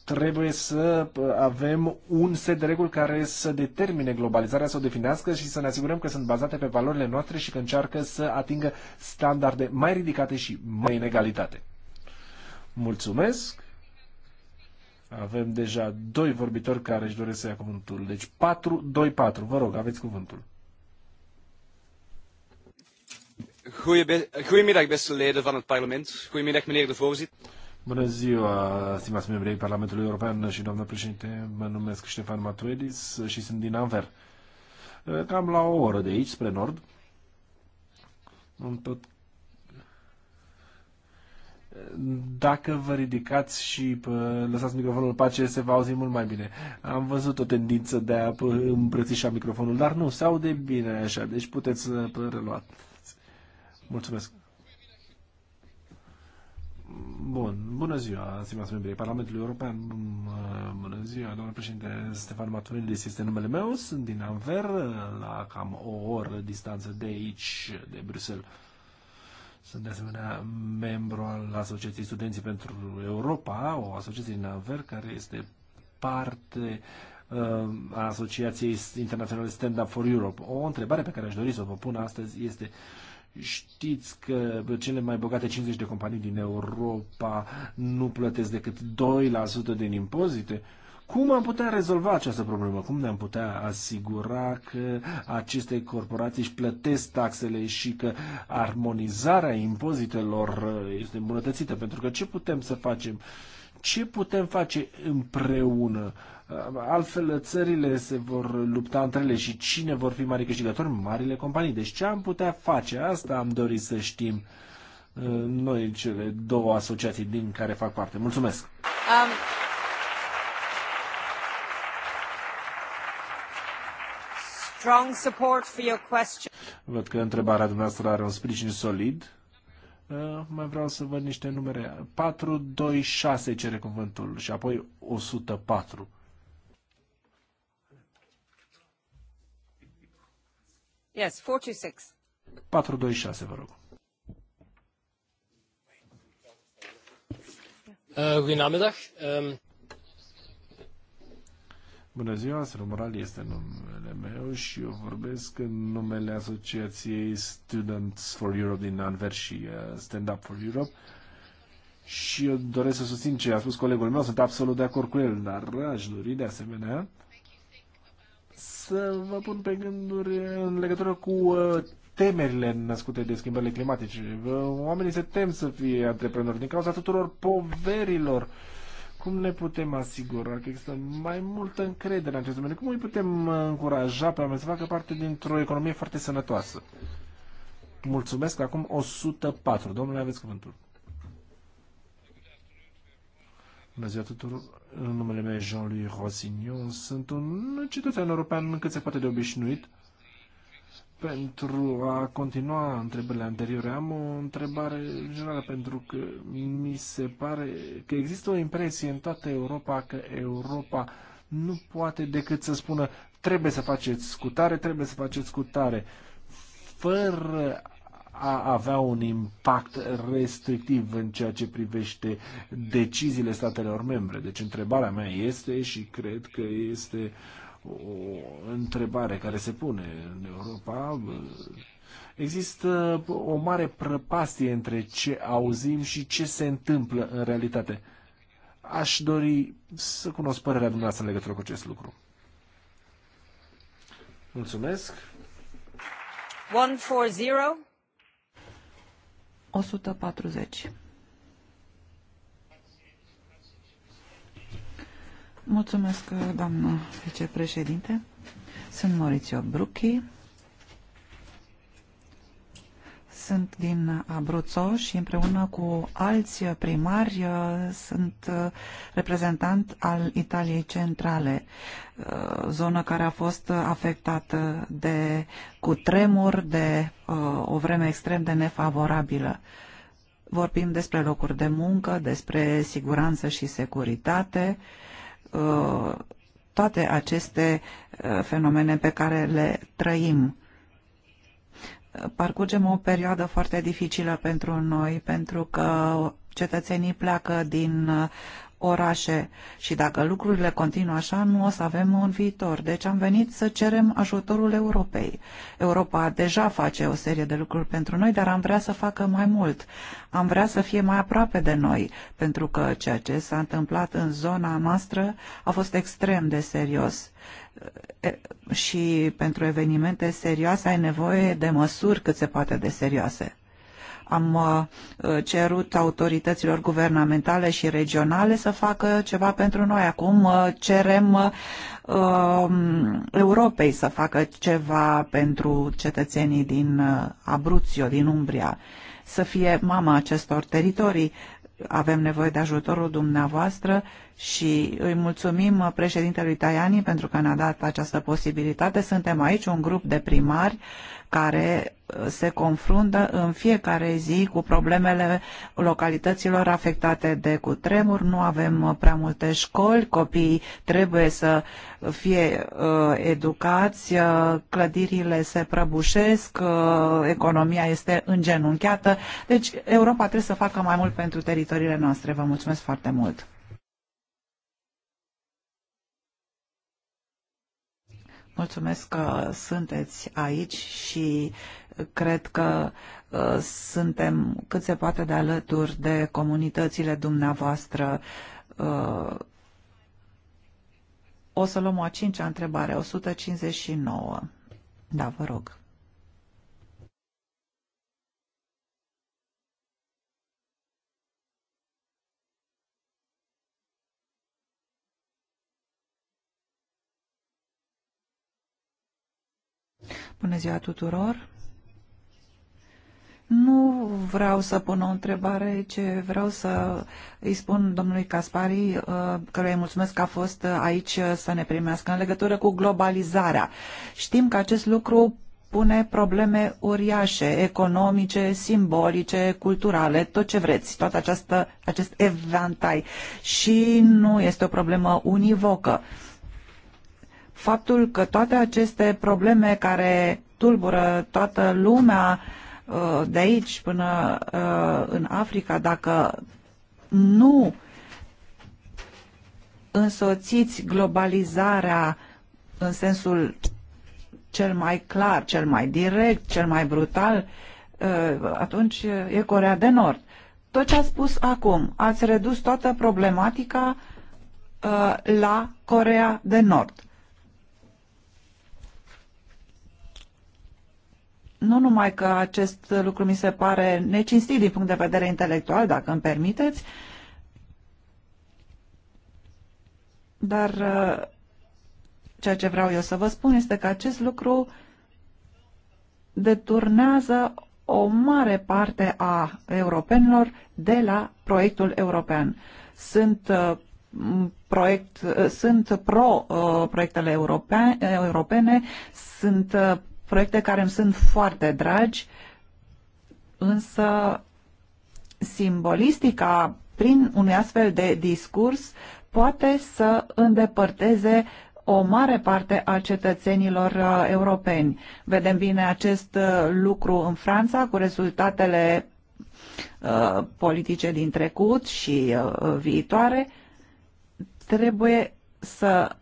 trebuie să uh, avem un set de reguli care să determine globalizarea, să o definească și să ne asigurăm că sunt bazate pe valorile noastre și că încearcă să atingă standarde mai ridicate și mai inegalitate. Mulțumesc! Avem deja doi vorbitori care își doresc să ia cuvântul. Deci 4, 2, 4. Vă rog, aveți cuvântul. Goedemiddag, beste leden van het parlement. Goedemiddag, meneer de voorzitter. Bună ziua, stimați membrii Parlamentului European și doamna președinte. Mă numesc Ștefan Matuedis și sunt din Anver. Cam la o oră de aici, spre nord. În tot dacă vă ridicați și lăsați microfonul în pace, se va auzi mult mai bine. Am văzut o tendință de a îmbrățișa microfonul, dar nu, se aude bine așa, deci puteți să relua. Mulțumesc. Bun, bună ziua, stimați membrii Parlamentului European, bună ziua, domnul președinte Stefan Maturilis este numele meu, sunt din Anver, la cam o oră distanță de aici, de Bruxelles. Sunt de asemenea membru al Asociației Studenții pentru Europa, o asociație din Anver, care este parte uh, a Asociației Internaționale Stand Up for Europe. O întrebare pe care aș dori să o vă pun astăzi este Știți că cele mai bogate 50 de companii din Europa nu plătesc decât 2% din impozite? Uh, cum am putea rezolva această problemă? Cum ne-am putea asigura că aceste corporații își plătesc taxele și că armonizarea impozitelor uh, este îmbunătățită? Pentru că ce putem să facem? Ce putem face împreună? Uh, altfel, țările se vor lupta între ele și cine vor fi mari câștigători? Marile companii. Deci ce am putea face? Asta am dorit să știm uh, noi, cele două asociații din care fac parte. Mulțumesc! Um... strong support for your question. Văd că întrebarea dumneavoastră are un sprijin solid. Uh, mai vreau să văd niște numere. 4, 2, 6 cere cuvântul și apoi 104. Yes, 46. 426, vă rog. Uh, Goedenamiddag. Um... Bună ziua, Srumural este numele meu și eu vorbesc în numele asociației Students for Europe din Anvers și uh, Stand Up for Europe. Și eu doresc să susțin ce a spus colegul meu, sunt absolut de acord cu el, dar aș dori de asemenea să vă pun pe gânduri în legătură cu uh, temerile născute de schimbările climatice. Oamenii se tem să fie antreprenori din cauza tuturor poverilor uh, cum ne putem asigura că există mai multă încredere în acest domeniu? Cum îi putem încuraja pe oameni să facă parte dintr-o economie foarte sănătoasă? Mulțumesc. Acum 104. Domnule, aveți cuvântul. Bună ziua tuturor. În numele meu Jean-Louis Rosignon. Sunt un cetățean european cât se poate de obișnuit pentru a continua întrebările anterioare, am o întrebare generală, pentru că mi se pare că există o impresie în toată Europa că Europa nu poate decât să spună trebuie să faceți scutare, trebuie să faceți scutare, fără a avea un impact restrictiv în ceea ce privește deciziile statelor membre. Deci întrebarea mea este și cred că este uh, o întrebare care se pune în Europa. Există o mare prăpastie între ce auzim și ce se întâmplă în realitate. Aș dori să cunosc părerea dumneavoastră în legătură cu acest lucru. Mulțumesc. 140. 140. Mulțumesc, doamnă vicepreședinte. Sunt Maurizio Brucchi. Sunt din Abruzzo și împreună cu alți primari uh, sunt uh, reprezentant al Italiei Centrale, uh, zonă care a fost afectată de cutremur, de o vreme extrem de nefavorabilă. Vorbim despre locuri de muncă, despre siguranță și securitate, Uh, toate aceste uh, fenomene pe care le trăim. Parcurgem o perioadă foarte dificilă pentru noi, pentru că cetățenii pleacă din uh, orașe și dacă lucrurile continuă așa, nu o să avem un viitor. Deci am venit să cerem ajutorul Europei. Europa deja face o serie de lucruri pentru noi, dar am vrea să facă mai mult. Am vrea să fie mai aproape de noi, pentru că ceea ce s-a întâmplat în zona noastră a fost extrem de serios și pentru evenimente serioase ai nevoie de măsuri cât se poate de serioase. Am uh, cerut autorităților guvernamentale și regionale să facă ceva pentru noi. Acum uh, cerem uh, Europei să facă ceva pentru cetățenii din Abruzio, din Umbria, să fie mama acestor teritorii avem nevoie de ajutorul dumneavoastră și îi mulțumim președintelui Tajani pentru că ne-a dat această posibilitate. Suntem aici un grup de primari care uh, se confruntă în fiecare zi cu problemele localităților afectate de cutremur. Nu avem uh, prea multe școli, copiii trebuie să fie uh, educați, uh, clădirile se prăbușesc, uh, economia este îngenunchiată. Deci Europa trebuie să facă mai mult pentru teritoriile noastre. Vă mulțumesc foarte mult! Mulțumesc că sunteți aici și cred că uh, suntem cât se poate de alături de comunitățile dumneavoastră. Uh, o să luăm o a cincea întrebare, 159. Da, vă rog. Bună ziua tuturor! Nu vreau să pun o întrebare, ce vreau să îi spun domnului Caspari, uh, căruia îi mulțumesc că a fost aici să ne primească în legătură cu globalizarea. Știm că acest lucru pune probleme uriașe, economice, simbolice, culturale, tot ce vreți, tot această, acest evantai. Și nu este o problemă univocă. Uh, faptul că toate aceste probleme care tulbură toată lumea uh, de aici până uh, în Africa, dacă nu însoțiți globalizarea în sensul cel mai clar, cel mai direct, cel mai brutal, uh, atunci e Corea de Nord. Tot ce a spus acum, ați redus toată problematica la Corea de Nord. nu numai că acest lucru mi se pare necinstit din punct de vedere intelectual, dacă îmi permiteți, dar uh, ceea ce vreau eu să vă spun este că acest lucru deturnează o mare parte a europenilor de la proiectul european. Sunt uh, proiect, uh, sunt pro proiectele europene, sunt proiecte care îmi sunt foarte dragi, însă simbolistica prin un astfel de discurs poate să îndepărteze o mare parte a cetățenilor uh, europeni. Vedem bine acest uh, lucru în Franța cu rezultatele uh, politice din trecut și viitoare. Trebuie să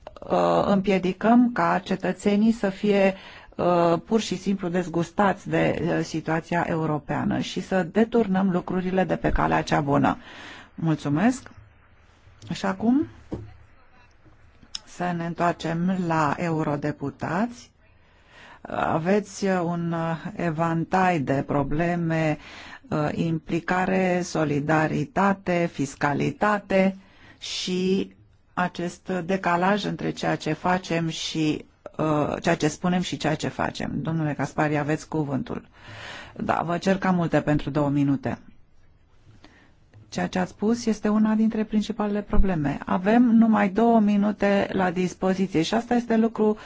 împiedicăm ca cetățenii să fie Uh, pur și simplu dezgustați de uh, situația europeană și să deturnăm lucrurile de pe calea cea bună. Mulțumesc! Și acum să ne întoarcem la eurodeputați. Aveți uh, un evantai de probleme, implicare, solidaritate, fiscalitate și acest decalaj între ceea ce facem și Uh, ceea ce spunem și ceea ce facem. Domnule Caspari, aveți cuvântul. Da, vă cer cam multe pentru două minute. Ceea ce ați spus este una dintre principalele probleme. Avem numai două minute la dispoziție și asta este lucru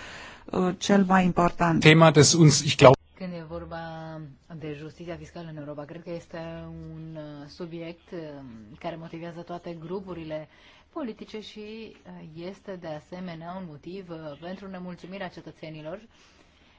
uh, cel mai important. Tema des uns, ich glaub... Când e vorba de justiția fiscală în Europa, cred că este un uh, subiect care motivează toate grupurile politice și uh, este de asemenea un motiv uh, pentru nemulțumirea cetățenilor.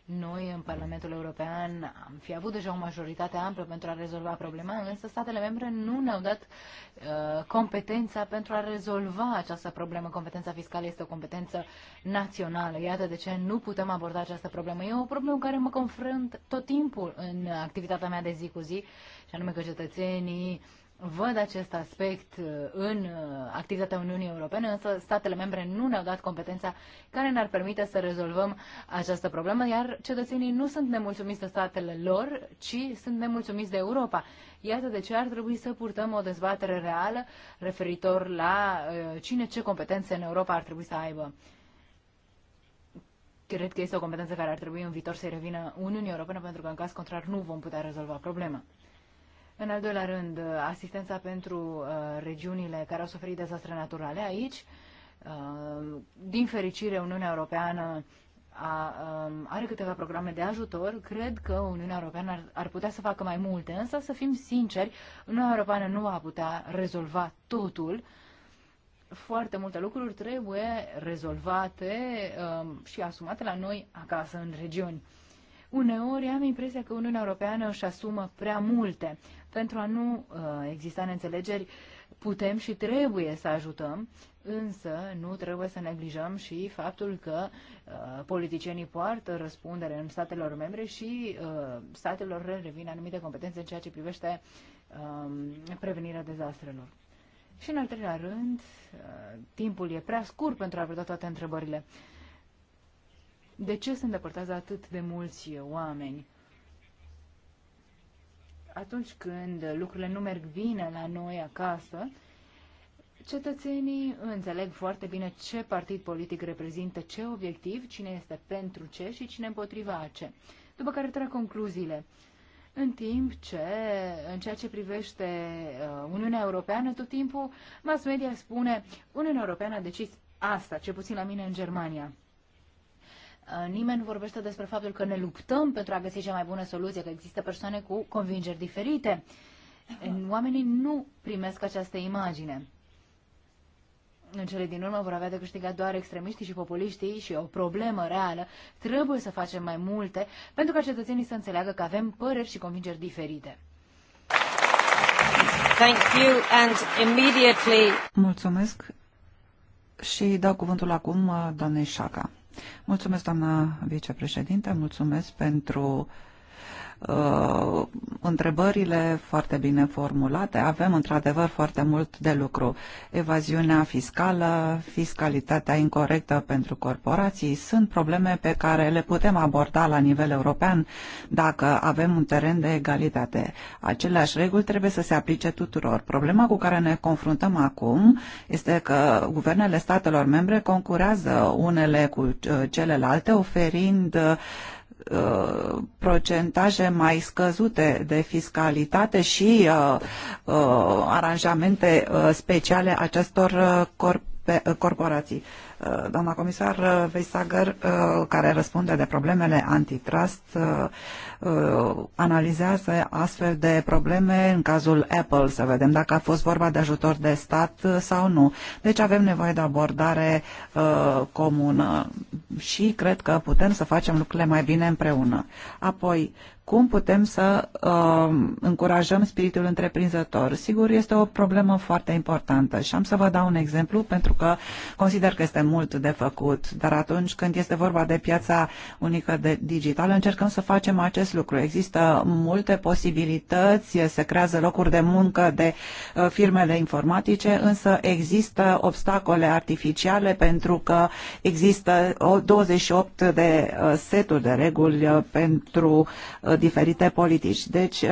Noi în Parlamentul European am fi avut deja o majoritate amplă pentru a rezolva problema, însă statele membre nu ne-au dat uh, competența pentru a rezolva această problemă. Competența fiscală este o competență națională. Iată de ce nu putem aborda această problemă. E o problemă care mă confrunt tot timpul în activitatea mea de zi cu zi, și anume că cetățenii uh, văd acest aspect uh, în uh, activitatea Uniunii Europene, însă statele membre nu ne-au dat competența care ne-ar permite să rezolvăm această problemă, iar cetățenii nu sunt nemulțumiți de statele lor, ci sunt nemulțumiți de Europa. Iată de ce ar trebui să purtăm o dezbatere reală referitor la uh, cine ce competențe în Europa ar trebui să aibă. Cred că este o competență care ar trebui în viitor să revină Uniunii Europene, pentru că în caz contrar nu vom putea rezolva problema. În al doilea rând, asistența pentru uh, regiunile care au suferit dezastre naturale. Aici, uh, din fericire, Uniunea Europeană a, um, are câteva programe de ajutor. Cred că Uniunea Europeană ar, ar putea să facă mai multe, însă, să fim sinceri, Uniunea Europeană nu va putea rezolva totul. Foarte multe lucruri trebuie rezolvate um, și asumate la noi acasă, în regiuni. Uneori am impresia că Uniunea Europeană își asumă prea multe pentru a nu uh, exista neînțelegeri, putem și trebuie să ajutăm, însă nu trebuie să neglijăm și faptul că uh, politicienii poartă răspundere în statelor membre și uh, statelor revin anumite competențe în ceea ce privește uh, prevenirea dezastrelor. Și în al treilea rând, uh, timpul e prea scurt pentru a vedea toate întrebările. De ce se îndepărtează atât de mulți oameni? atunci când lucrurile nu merg bine la noi acasă, cetățenii înțeleg foarte bine ce partid politic reprezintă ce obiectiv, cine este pentru ce și cine împotriva ce. După care trag concluziile. În timp ce, în ceea ce privește uh, Uniunea Europeană, tot timpul mass media spune Uniunea Europeană a decis asta, ce puțin la mine în Germania. Uh, nimeni nu vorbește despre faptul că ne luptăm pentru a găsi cea mai bună soluție, că există persoane cu convingeri diferite. Oamenii nu primesc această imagine. În cele din urmă vor avea de câștigat doar extremiștii și populiștii și o problemă reală. Trebuie să facem mai multe pentru ca cetățenii să înțeleagă că avem păreri și convingeri diferite. Thank you and immediately... Mulțumesc și dau cuvântul acum uh, doamnei Șaca. Mulțumesc, doamna vicepreședinte, mulțumesc pentru uh, uh, întrebările foarte bine formulate. Avem într-adevăr foarte mult de lucru. Evaziunea fiscală, fiscalitatea incorrectă pentru corporații sunt probleme pe care le putem aborda la nivel european dacă avem un teren de egalitate. Aceleași reguli trebuie să se aplice tuturor. Problema cu care ne confruntăm acum este că guvernele statelor membre concurează unele cu uh, celelalte oferind uh, Uh, procentaje mai scăzute de fiscalitate și uh, uh, aranjamente uh, speciale acestor uh, corp corporații. Eh, doamna comisar eh, Veisager, eh, care răspunde de problemele antitrust, analizează astfel de probleme în cazul Apple, să vedem dacă a fost vorba de ajutor de stat sau nu. Deci avem nevoie de abordare comună și cred că putem să facem lucrurile mai bine împreună. Apoi, cum putem să uh, încurajăm spiritul întreprinzător. Sigur, este o problemă foarte importantă și am să vă dau un exemplu pentru că consider că este mult de făcut, dar atunci când este vorba de piața unică de digitală, încercăm să facem acest lucru. Există multe posibilități, se creează locuri de muncă de uh, firmele informatice, însă există obstacole artificiale pentru că există 28 de uh, seturi de reguli uh, pentru diferite politici. Deci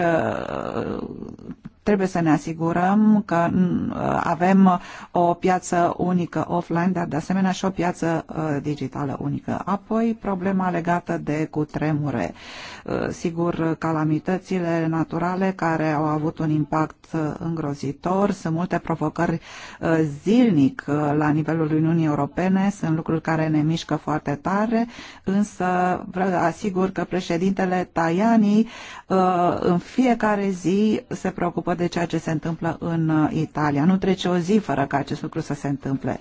trebuie să ne asigurăm că mm, uh, avem o piață unică offline, dar de asemenea și o piață uh, digitală unică. Apoi, problema legată de cutremure. Uh, sigur, calamitățile naturale care au avut un impact îngrozitor, sunt multe provocări zilnic la nivelul Uniunii Europene, sunt lucruri care ne mișcă foarte tare, însă vreau asigur că președintele Tajani în fiecare zi se preocupă de ceea ce se întâmplă în uh, Italia. Nu trece o zi fără ca acest lucru să se întâmple.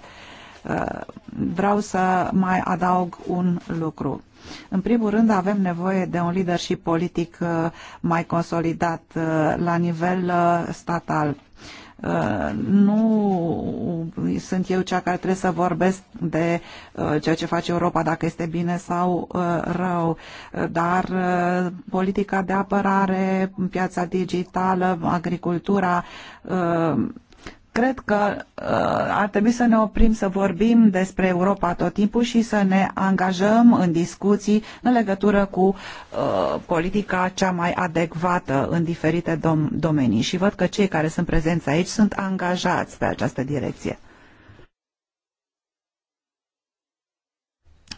Uh, vreau să mai adaug un lucru. În primul rând, avem nevoie de un leadership politic uh, mai consolidat la nivel statal Uh, nu sunt eu cea care trebuie să vorbesc de uh, ceea ce face Europa, dacă este bine sau uh, rău, dar politica de apărare, piața digitală, agricultura, cred că uh, ar trebui să ne oprim să vorbim despre Europa tot timpul și să ne angajăm în discuții în legătură cu uh, politica cea mai adecvată în diferite dom domenii. Și văd că cei care sunt prezenți aici sunt angajați pe această direcție.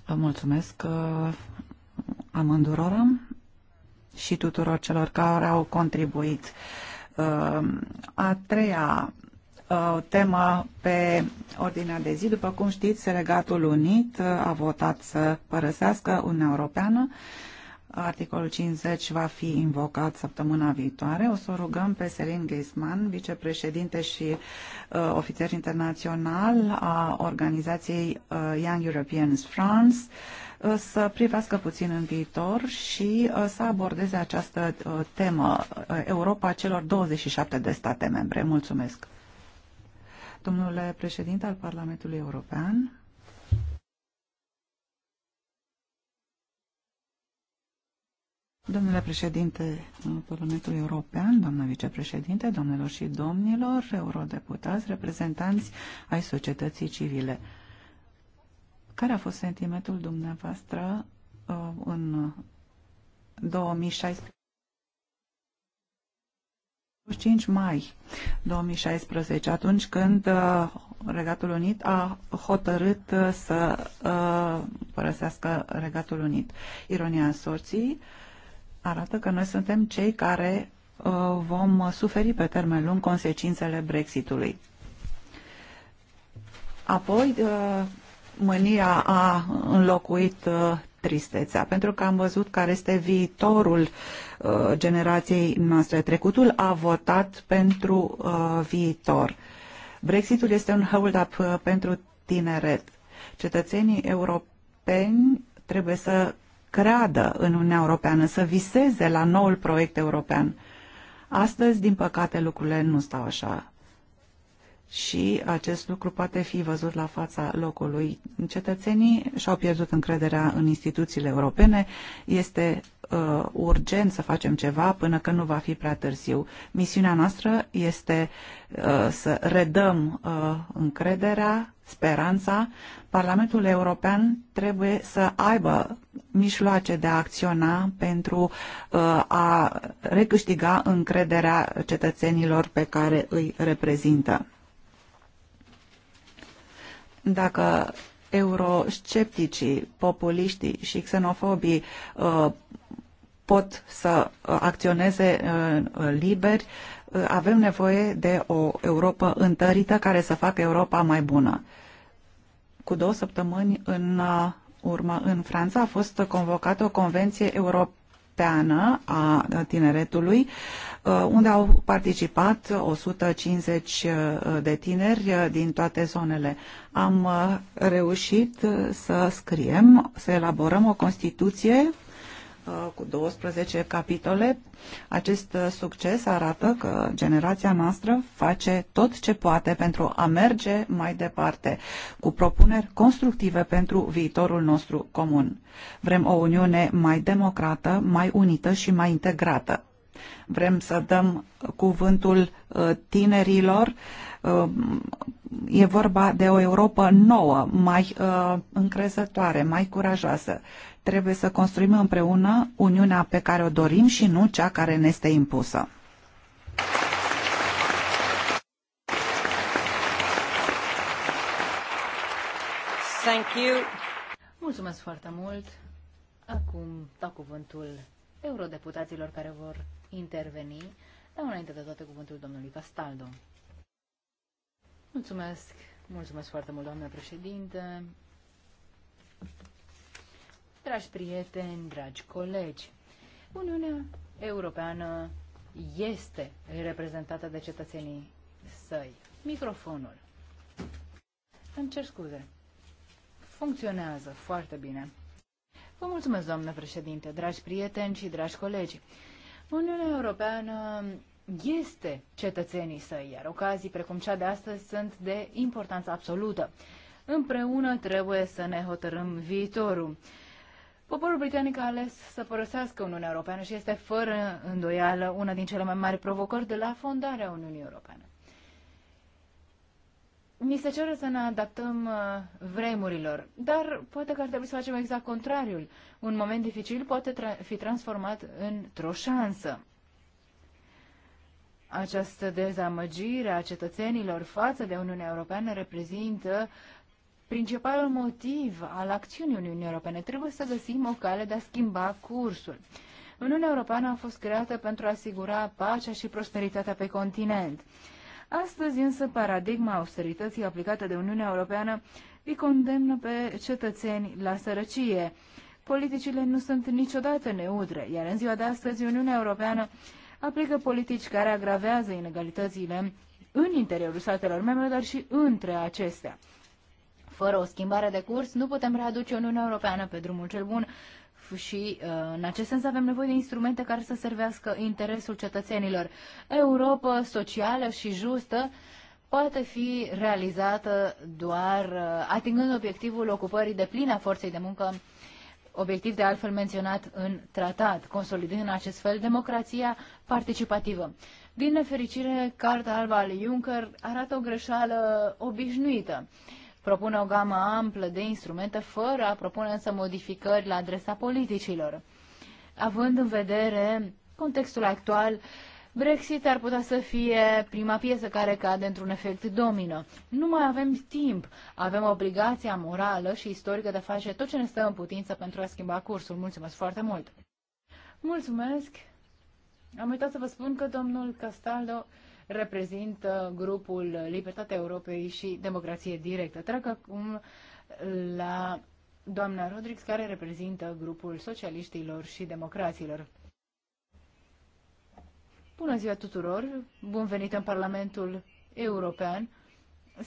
Vă mulțumesc uh, amândurora și tuturor celor care au contribuit. A treia Uh, tema pe ordinea de zi. După cum știți, Regatul Unit uh, a votat să părăsească Uniunea Europeană. Articolul 50 va fi invocat săptămâna viitoare. O să o rugăm pe Selin Geisman, vicepreședinte și uh, ofițer internațional a organizației uh, Young Europeans France, uh, să privească puțin în viitor și uh, să abordeze această uh, temă, uh, Europa celor 27 de state membre. Mulțumesc! Domnule președinte al Parlamentului European, Domnule președinte al Parlamentului European, doamnă vicepreședinte, domnilor și domnilor, eurodeputați, reprezentanți ai societății civile, care a fost sentimentul dumneavoastră uh, în 2016? 25 mai 2016, atunci când uh, Regatul Unit a hotărât uh, să uh, părăsească Regatul Unit. Ironia sorții arată că noi suntem cei care vom suferi pe termen lung consecințele Brexitului. Apoi, mânia a înlocuit tristețea, pentru că am văzut care este viitorul uh, generației noastre. Trecutul a votat pentru uh, viitor. Brexitul este un hold-up uh, pentru tineret. Cetățenii europeni trebuie să creadă în Uniunea Europeană, să viseze la noul proiect european. Astăzi, din păcate, lucrurile nu stau așa și acest lucru poate fi văzut la fața locului. Cetățenii și-au pierdut încrederea în instituțiile europene. Este uh, urgent să facem ceva până când nu va fi prea târziu. Misiunea noastră este uh, să redăm uh, încrederea, speranța. Parlamentul European trebuie să aibă mișloace de a acționa pentru uh, a recâștiga încrederea cetățenilor pe care îi reprezintă. Dacă euroscepticii, populiștii și xenofobii uh, pot să uh, acționeze uh, liberi, avem nevoie de o Europa întărită care să facă Europa mai bună. Cu două săptămâni în urmă, în Franța a fost convocată o convenție europeană Europeană a Tineretului, uh, unde au participat 150 uh, de tineri uh, din toate zonele. Am reușit să scriem, să elaborăm o Constituție Uh, cu 12 capitole. Acest uh, succes arată că generația noastră face tot ce poate pentru a merge mai departe, cu propuneri constructive pentru viitorul nostru comun. Vrem o Uniune mai democrată, mai unită și mai integrată. Vrem să dăm cuvântul uh, tinerilor. E vorba de o Europa nouă, mai încrezătoare, mai curajoasă Trebuie să construim împreună Uniunea pe care o dorim și nu cea care ne este impusă. Thank you. Mulțumesc foarte mult. Acum dau cuvântul eurodeputaților care vor interveni. Dau înainte de toate cuvântul domnului Castaldo. Mulțumesc, mulțumesc foarte mult, doamnă președinte. Dragi prieteni, dragi colegi, Uniunea Europeană este reprezentată de cetățenii săi. Microfonul. Îmi cer scuze. Funcționează foarte bine. Vă mulțumesc, doamnă președinte, dragi prieteni și dragi colegi. Uniunea Europeană este cetățenii săi, iar ocazii precum cea de astăzi sunt de importanță absolută. Împreună trebuie să ne hotărâm viitorul. Poporul britanic a ales să părăsească Uniunea Europeană și este fără îndoială una din cele mai mari provocări de la fondarea Uniunii Europene. Ni se cere să ne adaptăm uh, vremurilor, dar poate că ar trebui să facem exact contrariul. Un moment dificil poate tra- fi transformat într-o șansă. Această dezamăgire a cetățenilor față de Uniunea Europeană reprezintă principalul motiv al acțiunii Uniunii Europene. Trebuie să găsim o cale de a schimba cursul. Uniunea Europeană a fost creată pentru a asigura pacea și prosperitatea pe continent. Astăzi însă paradigma austerității aplicată de Uniunea Europeană îi condemnă pe cetățeni la sărăcie. Politicile nu sunt niciodată neutre, iar în ziua de astăzi Uniunea Europeană aplică politici care agravează inegalitățile în interiorul statelor membre, dar și între acestea fără o schimbare de curs, nu putem readuce Uniunea Europeană pe drumul cel bun și uh, în acest sens avem nevoie de instrumente care să servească interesul cetățenilor. Europa socială și justă poate fi realizată doar uh, atingând obiectivul ocupării de plină a forței de muncă, obiectiv de altfel menționat în tratat, consolidând în acest fel democrația participativă. Din nefericire, Carta Alba al Juncker arată o greșeală obișnuită. Uh, propune o gamă amplă de instrumente, fără a propune însă modificări la adresa politicilor. Având în vedere contextul actual, Brexit ar putea să fie prima piesă care cade într-un efect domino. Nu mai avem timp. Avem obligația morală și istorică de a face tot ce ne stă în putință pentru a schimba cursul. Mulțumesc foarte mult! Mulțumesc! Am uitat să vă spun că domnul Castaldo reprezintă grupul Libertatea Europei și Democrație Directă. Trec acum la doamna Rodrix, care reprezintă grupul socialiștilor și democraților. Bună ziua tuturor! Bun venit în Parlamentul European!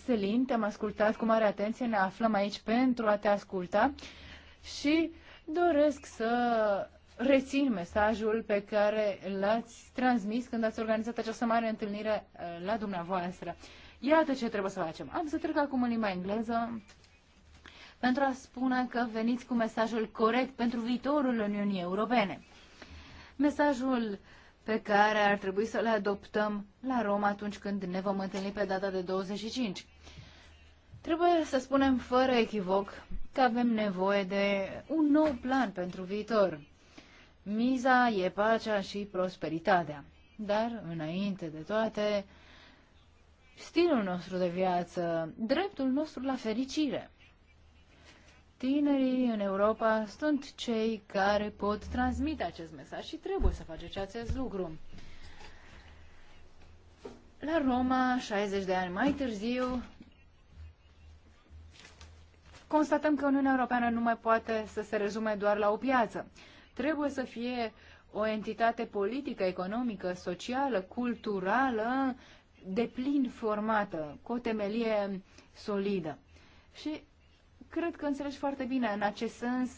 Selin, te-am ascultat cu mare atenție, ne aflăm aici pentru a te asculta și doresc să rețin mesajul pe care l-ați transmis când ați organizat această mare întâlnire uh, la dumneavoastră. Iată ce trebuie să facem. Am să trec acum în limba engleză pentru a spune că veniți cu mesajul corect pentru viitorul Uniunii Europene. Mesajul pe care ar trebui să-l adoptăm la Roma atunci când ne vom întâlni pe data de 25. Trebuie să spunem fără echivoc că avem nevoie de un nou plan pentru viitor. Miza e pacea și prosperitatea. Dar, înainte de toate, stilul nostru de viață, dreptul nostru la fericire. Tinerii în Europa sunt cei care pot transmite acest mesaj și trebuie să faceți acest lucru. La Roma, 60 de ani mai târziu, constatăm că Uniunea Europeană nu mai poate să se rezume doar la o piață trebuie să fie o entitate politică, economică, socială, culturală, de plin formată, cu o temelie solidă. Și cred că înțelegi foarte bine, în acest sens,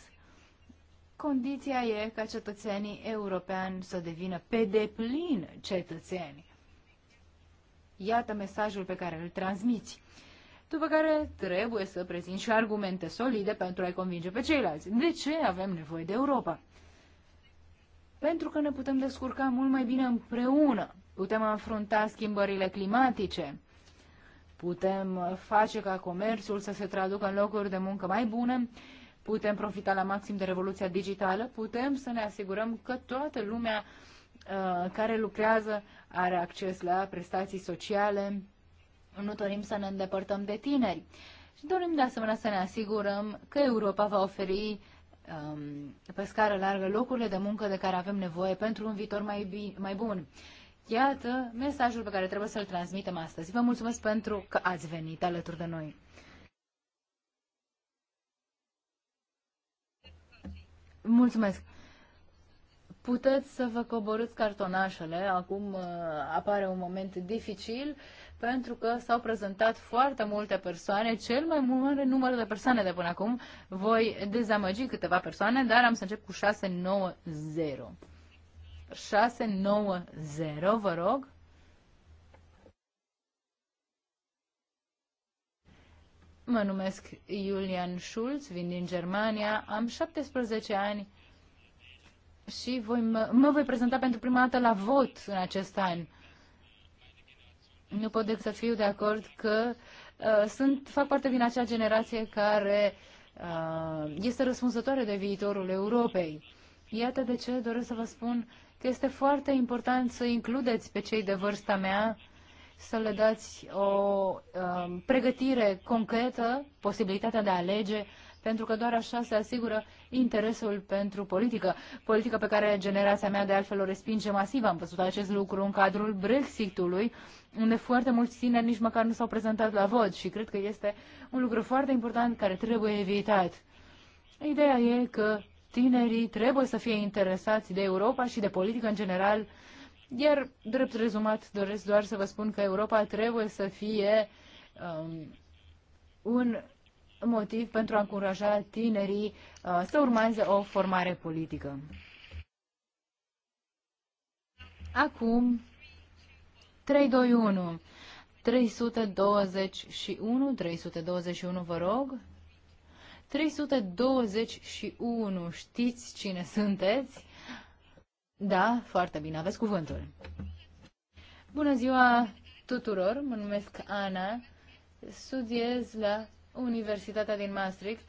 condiția e ca cetățenii europeni să devină pe deplin cetățeni. Iată mesajul pe care îl transmiți. După care trebuie să prezinți și argumente solide pentru a-i convinge pe ceilalți. De ce avem nevoie de Europa? pentru că ne putem descurca mult mai bine împreună. Putem afronta schimbările climatice, putem face ca comerțul să se traducă în locuri de muncă mai bune, putem profita la maxim de revoluția digitală, putem să ne asigurăm că toată lumea uh, care lucrează are acces la prestații sociale, nu dorim să ne îndepărtăm de tineri. Și dorim de asemenea să ne asigurăm că Europa va oferi uh, Um, pe scară largă locurile de muncă de care avem nevoie pentru un viitor mai, mai bun. Iată mesajul pe care trebuie să-l transmitem astăzi. Vă mulțumesc pentru că ați venit alături de noi. Mulțumesc. Puteți să vă coborâți cartonașele. Acum uh, apare un moment dificil pentru că s-au prezentat foarte multe persoane, cel mai mare număr de persoane de până acum. Voi dezamăgi câteva persoane, dar am să încep cu 690. 690, vă rog. Mă numesc Julian Schulz, vin din Germania, am 17 ani și voi, mă, mă voi prezenta pentru prima dată la vot în acest an nu pot decât să fiu de acord că uh, sunt, fac parte din acea generație care uh, este răspunzătoare de viitorul Europei. Iată de ce doresc să vă spun că este foarte important să includeți pe cei de vârsta mea, să le dați o uh, pregătire concretă, posibilitatea de a alege, pentru că doar așa se asigură interesul pentru politică. Politică pe care generația mea de altfel o respinge masiv. Am văzut acest lucru în cadrul Brexitului, unde foarte mulți tineri nici măcar nu s-au prezentat la vot și cred că este un lucru foarte important care trebuie evitat. Ideea e că tinerii trebuie să fie interesați de Europa și de politică în general, iar, drept rezumat, doresc doar să vă spun că Europa trebuie să fie um, un motiv pentru a încuraja tinerii uh, să urmeze o formare politică. Acum, 321. 321, 321 vă rog. 321, știți cine sunteți? Da, foarte bine, aveți cuvântul. Bună ziua tuturor, mă numesc Ana, studiez la Universitatea din Maastricht.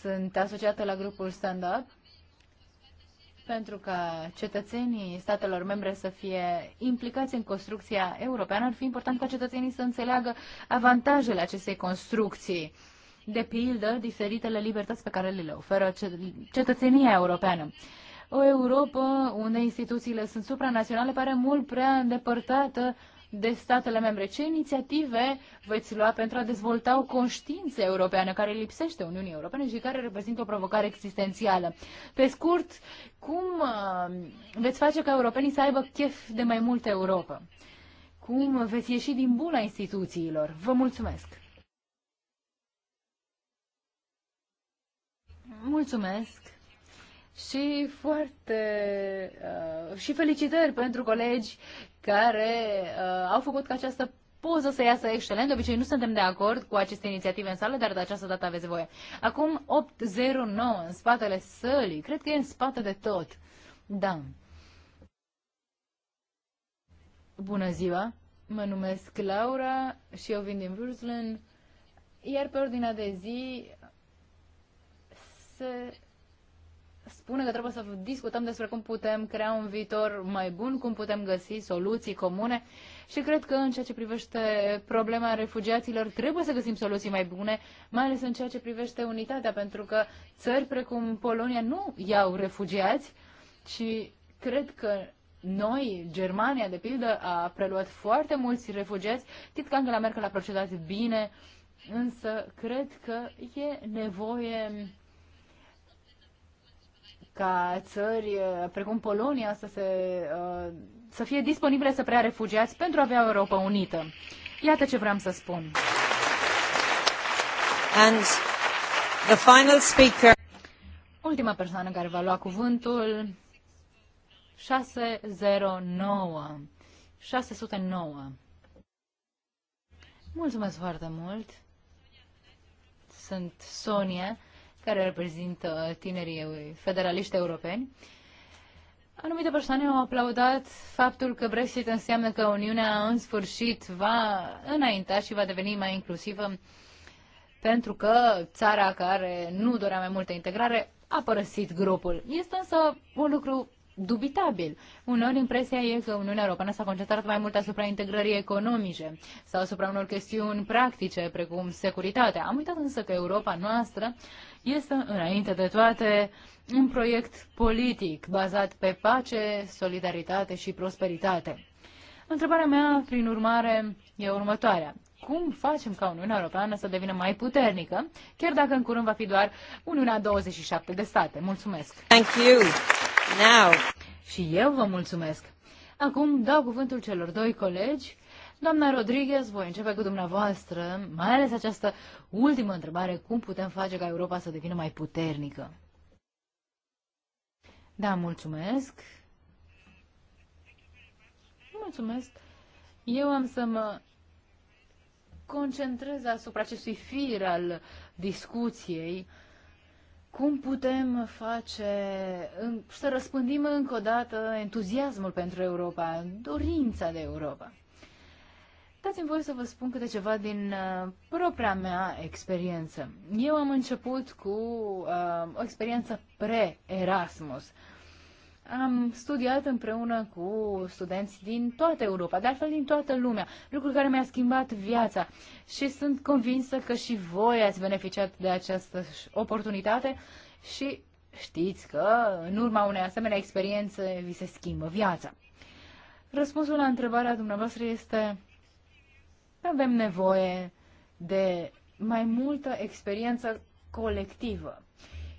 Sunt asociată la grupul Stand Up pentru ca cetățenii statelor membre să fie implicați în construcția europeană, ar fi important ca cetățenii să înțeleagă avantajele acestei construcții. De pildă, diferitele libertăți pe care le oferă cetățenia europeană. O Europa unde instituțiile sunt supranaționale pare mult prea îndepărtată de statele membre. Ce inițiative veți lua pentru a dezvolta o conștiință europeană care lipsește Uniunii Europene și care reprezintă o provocare existențială? Pe scurt, cum uh, veți face ca europenii să aibă chef de mai multă Europa? Cum veți ieși din buna instituțiilor? Vă mulțumesc! Mulțumesc! și foarte uh, și felicitări pentru colegi care uh, au făcut ca această poză să iasă excelent. De obicei nu suntem de acord cu aceste inițiative în sală, dar de această dată aveți voie. Acum 809 în spatele sălii. Cred că e în spate de tot. Da. Bună ziua! Mă numesc Laura și eu vin din Würzlen. Iar pe ordinea de zi se spune că trebuie să discutăm despre cum putem crea un viitor mai bun, cum putem găsi soluții comune și cred că în ceea ce privește problema refugiaților trebuie să găsim soluții mai bune, mai ales în ceea ce privește unitatea, pentru că țări precum Polonia nu iau refugiați și cred că noi, Germania, de pildă, a preluat foarte mulți refugiați. Tit că Angela Merkel a procedat bine, însă cred că e nevoie ca țări eh, precum Polonia să, se, eh, să fie disponibile să preia refugiați pentru a avea Europa unită. Iată ce vreau să spun. And the final speaker... Ultima persoană care va lua cuvântul, 609. 609. Mulțumesc foarte mult. Sunt Sonia care reprezintă tinerii federaliști europeni. Anumite persoane au aplaudat faptul că Brexit înseamnă că Uniunea în sfârșit va înainta și va deveni mai inclusivă pentru că țara care nu dorea mai multă integrare a părăsit grupul. Este însă un lucru dubitabil. Uneori impresia e că Uniunea Europeană s-a concentrat mai mult asupra integrării economice sau asupra unor chestiuni practice, precum securitatea. Am uitat însă că Europa noastră este, înainte de toate, un proiect politic bazat pe pace, solidaritate și prosperitate. Întrebarea mea, prin urmare, e următoarea. Cum facem ca Uniunea Europeană să devină mai puternică, chiar dacă în curând va fi doar Uniunea 27 de state? Mulțumesc! Thank you. Now. Și eu vă mulțumesc. Acum dau cuvântul celor doi colegi. Doamna Rodriguez, voi începe cu dumneavoastră, mai ales această ultimă întrebare, cum putem face ca Europa să devină mai puternică? Da, mulțumesc. Mulțumesc. Eu am să mă concentrez asupra acestui fir al discuției cum putem face să răspândim încă o dată entuziasmul pentru Europa, dorința de Europa? Dați-mi voi să vă spun câte ceva din uh, propria mea experiență. Eu am început cu uh, o experiență pre-Erasmus. Uh, am studiat împreună cu studenți din toată Europa, de altfel din toată lumea, lucruri care mi-a schimbat viața și sunt convinsă că și voi ați beneficiat de această oportunitate și știți că în urma unei asemenea experiențe vi se schimbă viața. Răspunsul la întrebarea dumneavoastră este avem nevoie de mai multă experiență colectivă,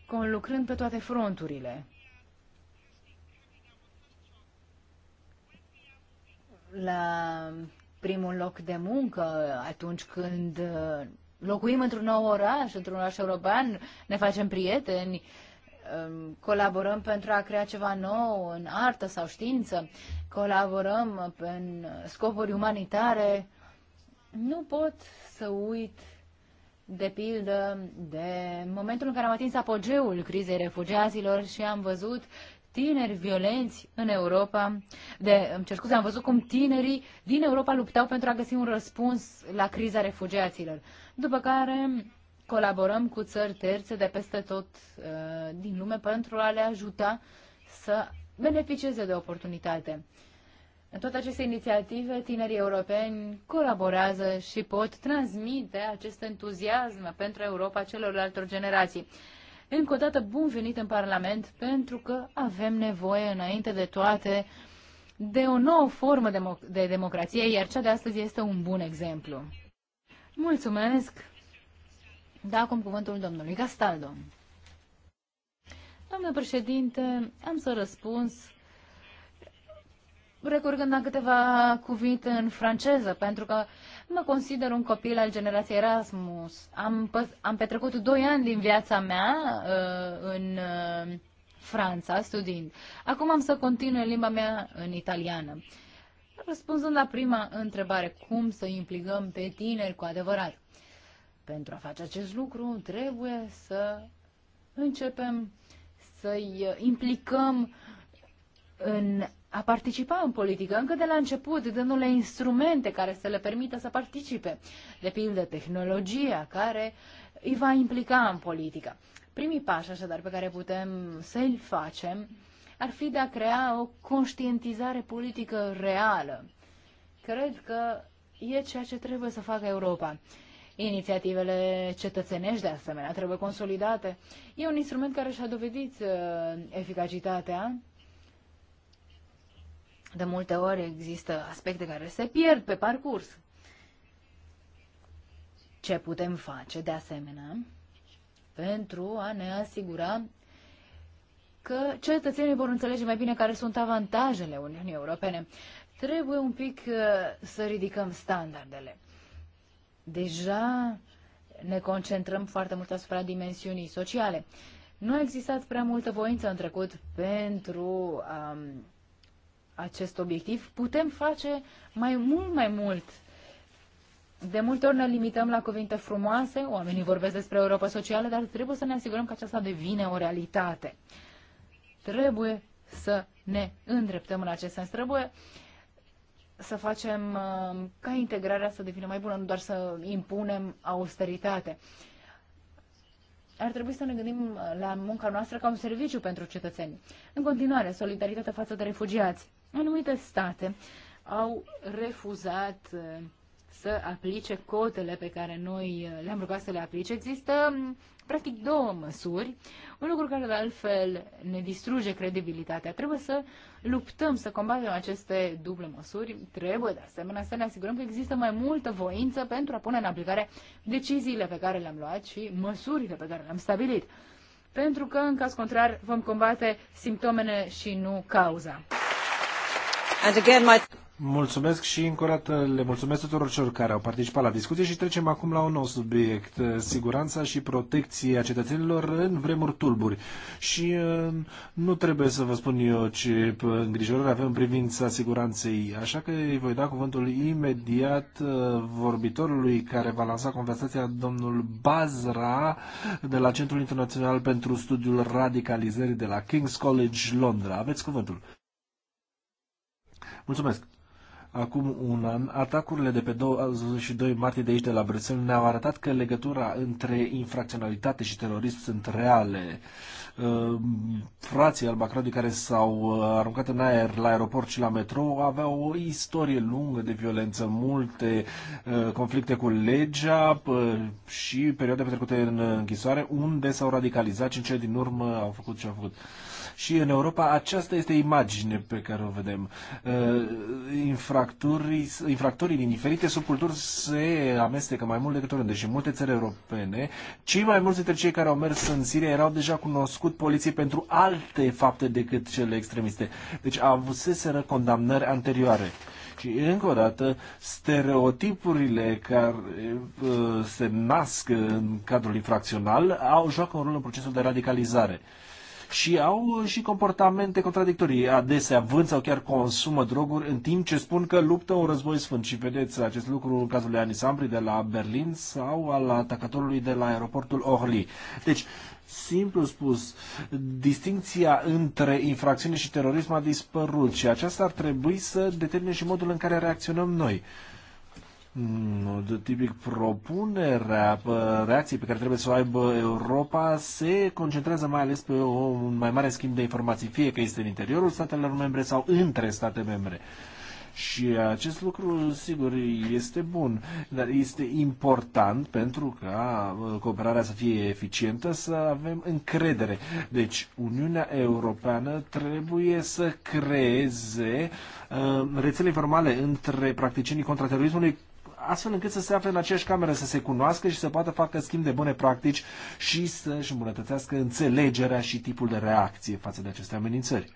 conlucrând pe toate fronturile, la primul loc de muncă atunci când uh, locuim într-un nou oraș, într-un oraș european, ne facem prieteni, um, colaborăm pentru a crea ceva nou în artă sau știință, colaborăm în scopuri umanitare. Nu pot să uit de pildă, de momentul în care am atins apogeul crizei refugiaților și am văzut tineri violenți în Europa, de, îmi cer scuze, am văzut cum tinerii din Europa luptau pentru a găsi un răspuns la criza refugiaților. După care colaborăm cu țări terțe de peste tot uh, din lume pentru a le ajuta să beneficieze de oportunitate. În toate aceste inițiative, tinerii europeni colaborează și pot transmite acest entuziasm pentru Europa celorlalte generații. Încă o dată, bun venit în Parlament, pentru că avem nevoie, înainte de toate, de o nouă formă de democrație, iar cea de astăzi este un bun exemplu. Mulțumesc! Da, acum cuvântul domnului Castaldo. Domnule președinte, am să răspuns recurgând la câteva cuvinte în franceză, pentru că uh, mă consider un copil al generației Erasmus. Am, am petrecut doi ani din viața mea uh, în uh, Franța, studiind. Acum am să continui în limba mea în italiană. Răspunzând la prima întrebare, cum să implicăm pe tineri cu adevărat? Pentru a face acest lucru, trebuie să începem să-i uh, implicăm în a participa în politică încă de la început, dându-le instrumente care să le permită să participe, de pildă tehnologia care îi va implica în politică. Primii pași, așadar, pe care putem să-i facem, ar fi de a crea o conștientizare politică reală. Cred că e ceea ce trebuie să facă Europa. Inițiativele cetățenești, de asemenea, trebuie consolidate. E un instrument care și-a dovedit uh, eficacitatea de multe ori există aspecte care se pierd pe parcurs. Ce putem face, de asemenea, pentru a ne asigura că cetățenii vor înțelege mai bine care sunt avantajele Uniunii Europene. Trebuie un pic uh, să ridicăm standardele. Deja ne concentrăm foarte mult asupra dimensiunii sociale. Nu a existat prea multă voință în trecut pentru um, acest obiectiv, putem face mai mult mai mult. De multe ori ne limităm la cuvinte frumoase, oamenii vorbesc despre Europa socială, dar trebuie să ne asigurăm că aceasta devine o realitate. Trebuie să ne îndreptăm în acest sens. Trebuie să facem uh, ca integrarea să devină mai bună, nu doar să impunem austeritate. Ar trebui să ne gândim uh, la munca noastră ca un serviciu pentru cetățeni. În continuare, solidaritatea față de refugiați. Anumite state au refuzat uh, să aplice cotele pe care noi uh, le-am rugat să le aplice. Există um, practic două măsuri, un lucru care de altfel ne distruge credibilitatea. Trebuie să luptăm, să combatem aceste duble măsuri. Trebuie de asemenea să ne asigurăm că există mai multă voință pentru a pune în aplicare deciziile pe care le-am luat și măsurile pe care le-am stabilit. Pentru că, în caz contrar, vom combate simptomele și nu cauza. Mulțumesc și încă o dată le mulțumesc tuturor celor care au participat la discuție și trecem acum la un nou subiect, eh, siguranța și protecția cetățenilor în vremuri tulburi. Și eh, nu trebuie să vă spun eu ce eh, îngrijorări avem în privința siguranței, așa că îi voi da cuvântul imediat vorbitorului care va lansa conversația, domnul Bazra, de la Centrul Internațional pentru Studiul Radicalizării de la King's College Londra. Aveți cuvântul. Mulțumesc! Acum un an, atacurile de pe 22 martie de aici de la Bruxelles ne-au arătat că legătura între infracționalitate și terorism sunt reale. Ehm, frații albacradii care s-au uh, aruncat în aer la aeroport și la metrou aveau o istorie lungă de violență, multe uh, conflicte cu legea și perioade petrecute în uh, închisoare unde s-au radicalizat și în cele din urmă au făcut ce au făcut și în Europa aceasta este imagine pe care o vedem. Uh, infractorii, infractorii din diferite subculturi se amestecă mai mult decât oriunde și în multe țări europene. Cei mai mulți dintre cei care au mers în Siria erau deja cunoscut poliției pentru alte fapte decât cele extremiste. Deci avuseseră condamnări anterioare. Și încă o dată, stereotipurile care uh, se nasc în cadrul infracțional au joacă un rol în procesul de radicalizare. Uh, și au uh, și comportamente contradictorii. Adesea vând sau chiar consumă droguri în timp ce spun că luptă un război sfânt. Și vedeți acest lucru în cazul lui Anis Ambri de la Berlin sau al atacatorului de la aeroportul Orly. Deci, simplu spus, distinția între infracțiune și terorism a dispărut și aceasta ar trebui să determine și modul în care reacționăm noi de tipic propunerea, reacției pe care trebuie să o aibă Europa se concentrează mai ales pe o, un mai mare schimb de informații, fie că este în interiorul statelor membre sau între state membre. Și acest lucru, sigur, este bun, dar este important pentru ca cooperarea să fie eficientă, să avem încredere. Deci, Uniunea Europeană trebuie să creeze uh, rețele informale între practicienii contraterorismului astfel încât să se afle în aceeași cameră, să se cunoască și să poată facă schimb de bune practici și să-și îmbunătățească înțelegerea și tipul de reacție față de aceste amenințări.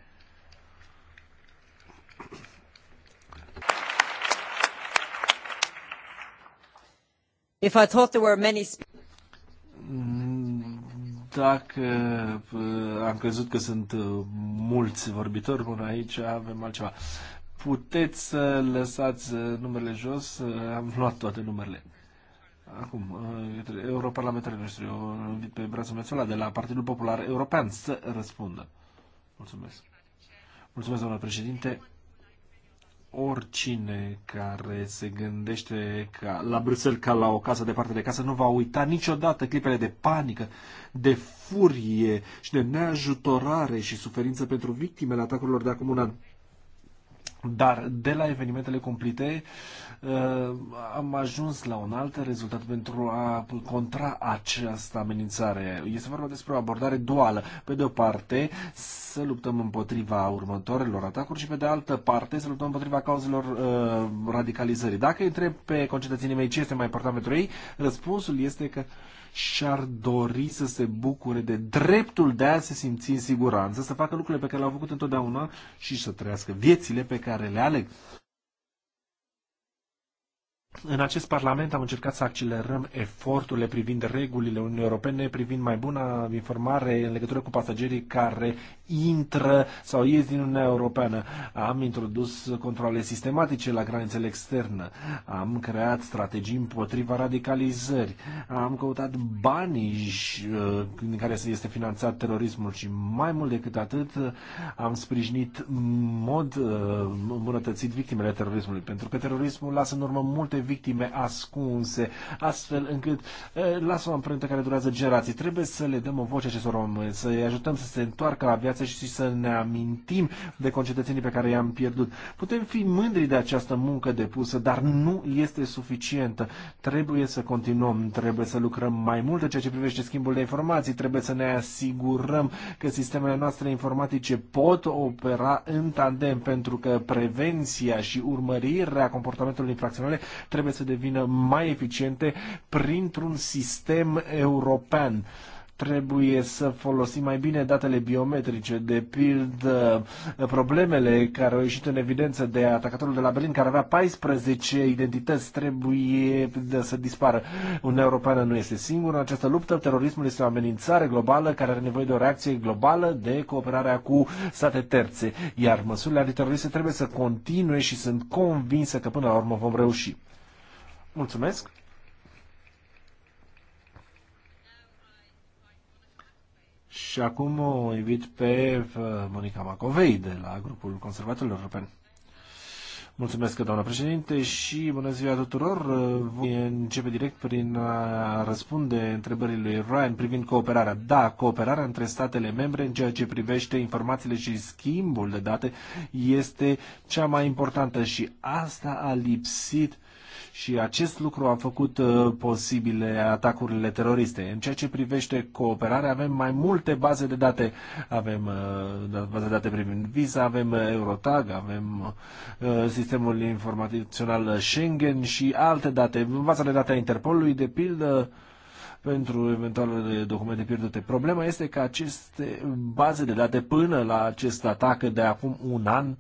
If I thought there were many dacă uh, am crezut că sunt uh, mulți vorbitori până aici, avem altceva puteți să lăsați uh, numerele jos, uh, am luat toate numerele. Acum, uh, europarlamentarii noștri, eu invit pe Brațul Mețola de la Partidul Popular European să răspundă. Mulțumesc. Mulțumesc, doamna președinte. Oricine care se gândește ca, la Bruxelles ca la o casă de parte de casă nu va uita niciodată clipele de panică, de furie și de neajutorare și suferință pentru victimele atacurilor de acum un an. Dar de la evenimentele cumplite uh, am ajuns la un alt rezultat pentru a contra această amenințare. Este vorba despre o abordare duală. Pe de o parte, să luptăm împotriva următoarelor atacuri și pe de altă parte să luptăm împotriva cauzelor uh, radicalizării. Dacă întreb pe concetățenii mei ce este mai important pentru ei, răspunsul este că uh, și-ar dori să se bucure de dreptul de a se simți în siguranță, să facă lucrurile pe care le-au făcut întotdeauna și să trăiască viețile pe care le aleg. În acest Parlament am încercat să accelerăm eforturile privind regulile Uniunii Europene, privind mai bună informare în legătură cu pasagerii care intră sau ies din Uniunea Europeană. Am introdus controle sistematice la granițele externe, am creat strategii împotriva radicalizării, am căutat banii uh, din care este finanțat terorismul și mai mult decât atât am sprijinit în mod uh, îmbunătățit victimele terorismului, pentru că terorismul lasă în urmă multe victime ascunse, astfel încât lasă o amprentă care durează generații. Trebuie să le dăm o voce acestor oameni, să-i ajutăm să se întoarcă la viață și să ne amintim de concetățenii pe care i-am pierdut. Putem fi mândri de această muncă depusă, dar nu este suficientă. Trebuie să continuăm, trebuie să lucrăm mai mult în ceea ce privește schimbul de informații, trebuie să ne asigurăm că sistemele noastre informatice pot opera în tandem, pentru că prevenția și urmărirea comportamentului infracționale trebuie să devină mai eficiente printr-un sistem european trebuie să folosim mai bine datele biometrice, de pildă problemele care au ieșit în evidență de atacatorul de la Berlin, care avea 14 identități, trebuie să dispară. Uniunea Europeană nu este singură în această luptă, terorismul este o amenințare globală care are nevoie de o reacție globală de cooperarea cu state terțe, iar măsurile antiteroriste trebuie să continue și sunt convinsă că până la urmă vom reuși. Mulțumesc. Și acum o invit pe uh, Monica Macovei de la grupul conservatorilor europeni. Mulțumesc, doamna președinte, și bună ziua tuturor. Uh, voi începe direct prin a răspunde întrebării lui Ryan privind cooperarea. Da, cooperarea între statele membre în ceea ce privește informațiile și schimbul de date este cea mai importantă și asta a lipsit și acest lucru a făcut uh, posibile atacurile teroriste. În ceea ce privește cooperarea, avem mai multe baze de date. Avem uh, da, baze de date privind Visa, avem Eurotag, avem uh, sistemul informațional Schengen și alte date. Baza de date a Interpolului, de pildă, pentru eventualele documente pierdute. Problema este că aceste baze de date până la acest atac de acum un an uh,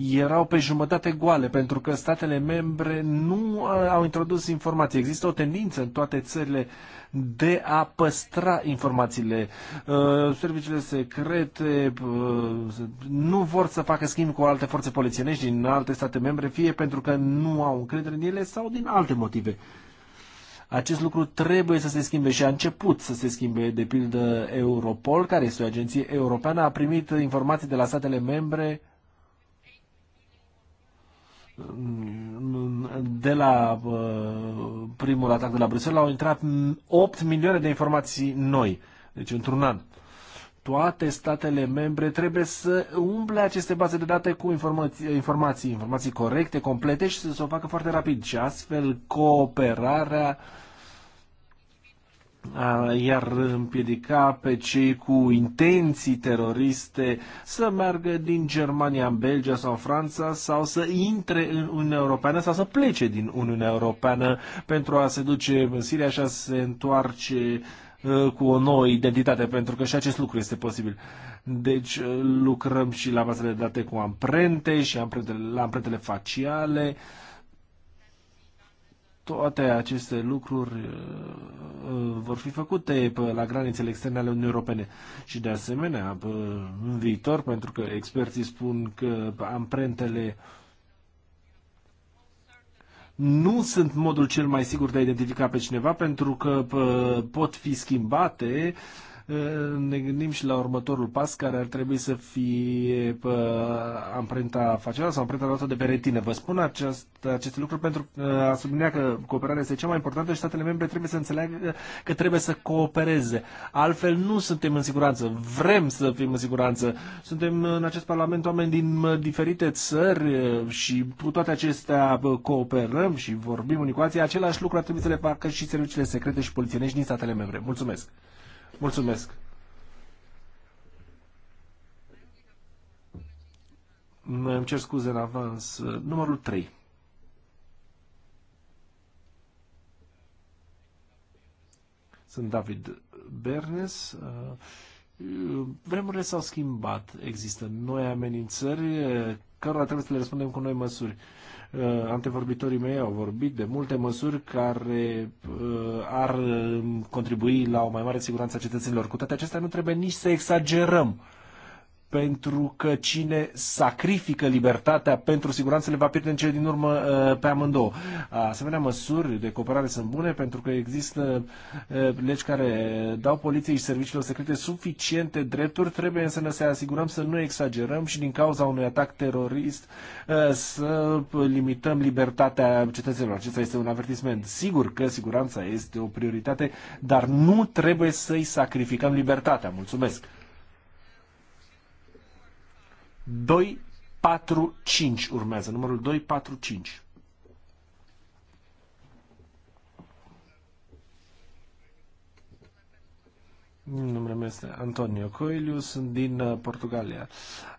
erau pe jumătate goale, pentru că statele membre nu uh, au introdus informații. Există o tendință în toate țările de a păstra informațiile. Uh, serviciile secrete uh, nu vor să facă schimb cu alte forțe polițienești din alte state membre, fie pentru că nu au încredere în ele sau din alte motive. Acest lucru trebuie să se schimbe și a început să se schimbe. De pildă, Europol, care este o agenție europeană, a primit informații de la statele membre de la uh, primul atac de la Bruxelles au intrat 8 milioane de informații noi, deci într-un an. Toate statele membre trebuie să umple aceste baze de date cu informații, informații, informații corecte, complete și să, să o facă foarte rapid. Și astfel cooperarea uh, iar împiedica pe cei cu intenții teroriste să meargă din Germania în Belgia sau în Franța sau să intre în Uniunea Europeană sau să plece din Uniunea Europeană pentru a se duce în Siria și a se întoarce uh, cu o nouă identitate, pentru că și acest lucru este posibil. Deci uh, lucrăm și la bazele de date cu amprente și amprentele, la amprentele faciale, uh, toate aceste lucruri uh, uh, vor fi făcute la granițele externe ale Uniunii Europene. Și de asemenea, uh, în viitor, pentru că experții spun că amprentele nu sunt modul cel mai sigur de a identifica pe cineva pentru că pot fi schimbate uh, Ă, ne gândim și la următorul pas care ar trebui să fie amprenta afacerea sau amprenta dată de pe retină. Vă spun acest, aceste lucruri pentru ă, a sublinia că cooperarea este cea mai importantă și statele membre trebuie să înțeleagă că trebuie să coopereze. Altfel nu suntem în siguranță. Vrem să fim în siguranță. Suntem în acest parlament oameni din diferite țări ă, și cu toate acestea cooperăm și vorbim unii cu alții. Același lucru ar trebui să le facă și serviciile secrete și polițienești din statele membre. Mulțumesc! Mulțumesc. Îmi cer scuze în avans. Numărul 3. Sunt David Bernes. Vremurile s-au schimbat. Există noi amenințări cărora trebuie să le răspundem cu noi măsuri. Uh, Uh, antevorbitorii mei au vorbit de multe măsuri care uh, ar um, contribui la o mai mare siguranță a cetățenilor. Cu toate acestea, nu trebuie nici să exagerăm pentru că cine sacrifică libertatea pentru siguranță le va pierde în cele din urmă uh, pe amândouă. Asemenea, măsuri de cooperare sunt bune pentru că există uh, legi care dau poliției și serviciilor secrete suficiente drepturi, trebuie însă să ne asigurăm să nu exagerăm și din cauza unui atac terorist uh, să limităm libertatea cetățenilor. Acesta este un avertisment. Sigur că siguranța este o prioritate, dar nu trebuie să-i sacrificăm libertatea. Mulțumesc! 245 urmează, numărul 245. Numele meu este Antonio Coelho, sunt din uh, Portugalia.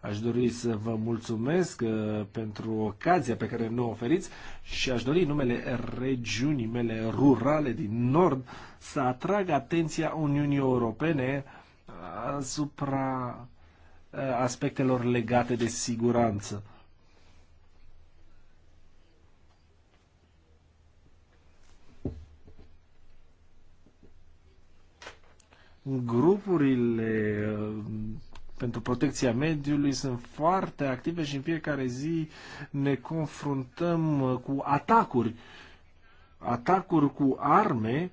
Aș dori să vă mulțumesc uh, pentru ocazia pe care ne oferiți și aș dori numele regiunii mele rurale din Nord să atrag atenția Uniunii Europene uh, asupra Eh, aspectelor legate de siguranță. grupurile eh, pentru protecția mediului sunt foarte active și în fiecare zi ne confruntăm eh, cu atacuri, atacuri cu arme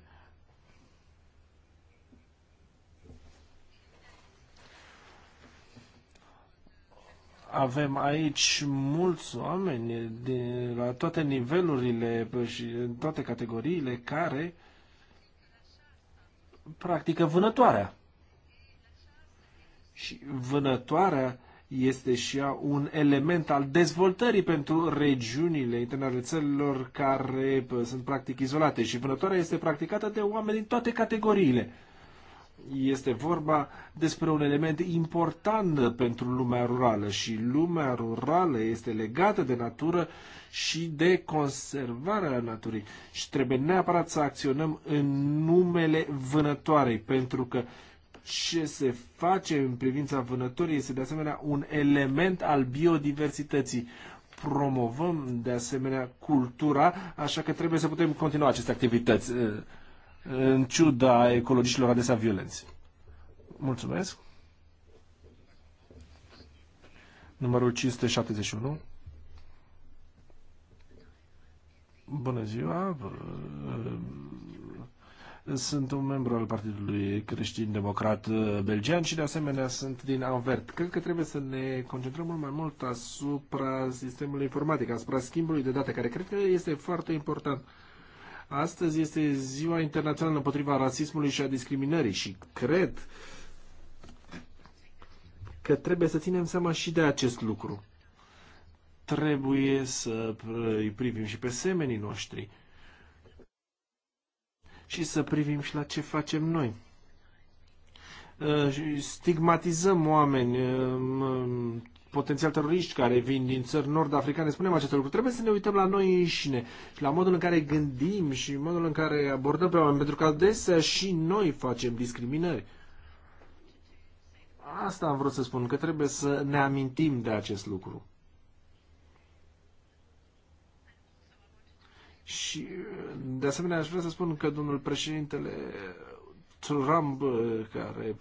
avem aici mulți oameni din, la toate nivelurile și în toate categoriile care practică vânătoarea. Și vânătoarea este și ea un element al dezvoltării pentru regiunile interne ale țărilor care sunt practic izolate și vânătoarea este practicată de oameni din toate categoriile este vorba despre un element important pentru lumea rurală și lumea rurală este legată de natură și de conservarea naturii și trebuie neapărat să acționăm în numele vânătoarei pentru că ce se face în privința vânătorii este de asemenea un element al biodiversității. Promovăm de asemenea cultura, așa că trebuie să putem continua aceste activități în ciuda ecologiștilor adesea violenți. Mulțumesc. Numărul 571. Bună ziua! Sunt un membru al Partidului Creștin-Democrat Belgian și de asemenea sunt din Anvert. Cred că trebuie să ne concentrăm mult mai mult asupra sistemului informatic, asupra schimbului de date, care cred că este foarte important Astăzi este ziua internațională împotriva rasismului și a discriminării și cred că trebuie să ținem seama și de acest lucru. Trebuie să îi privim și pe semenii noștri și să privim și la ce facem noi. Uh, stigmatizăm oameni, uh, potențial teroriști care vin din țări nord-africane, spunem aceste lucruri. Trebuie să ne uităm la noi înșine și la modul în care gândim și modul în care abordăm pe oameni, pentru că adesea și noi facem discriminări. Asta am vrut să spun, că trebuie să ne amintim de acest lucru. Și, de asemenea, aș vrea să spun că domnul președintele Trump, care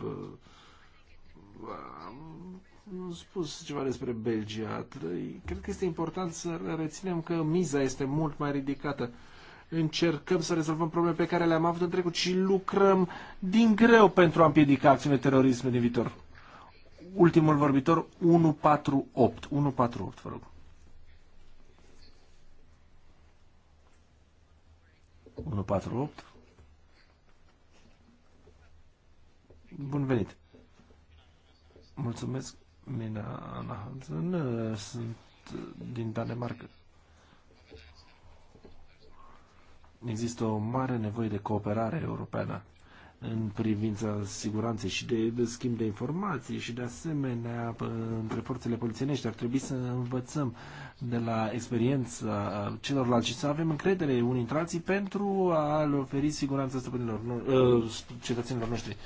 nu spus ceva despre Belgia. Cred că este important să reținem că miza este mult mai ridicată. Încercăm să rezolvăm probleme pe care le-am avut în trecut și lucrăm din greu pentru a împiedica acțiunile terorisme din viitor. Ultimul vorbitor, 148. 148, vă rog. Unu patru opt. Bun venit. Mulțumesc mina Anna Hansen uh, sunt din Danemarca. Există o mare nevoie de cooperare europeană în privința siguranței și de, de schimb de informații și de asemenea între forțele polițienești. Ar trebui să învățăm de la experiența celorlalți și să avem încredere unii în alții pentru a le oferi siguranța stăpânilor, ă, cetățenilor noștri.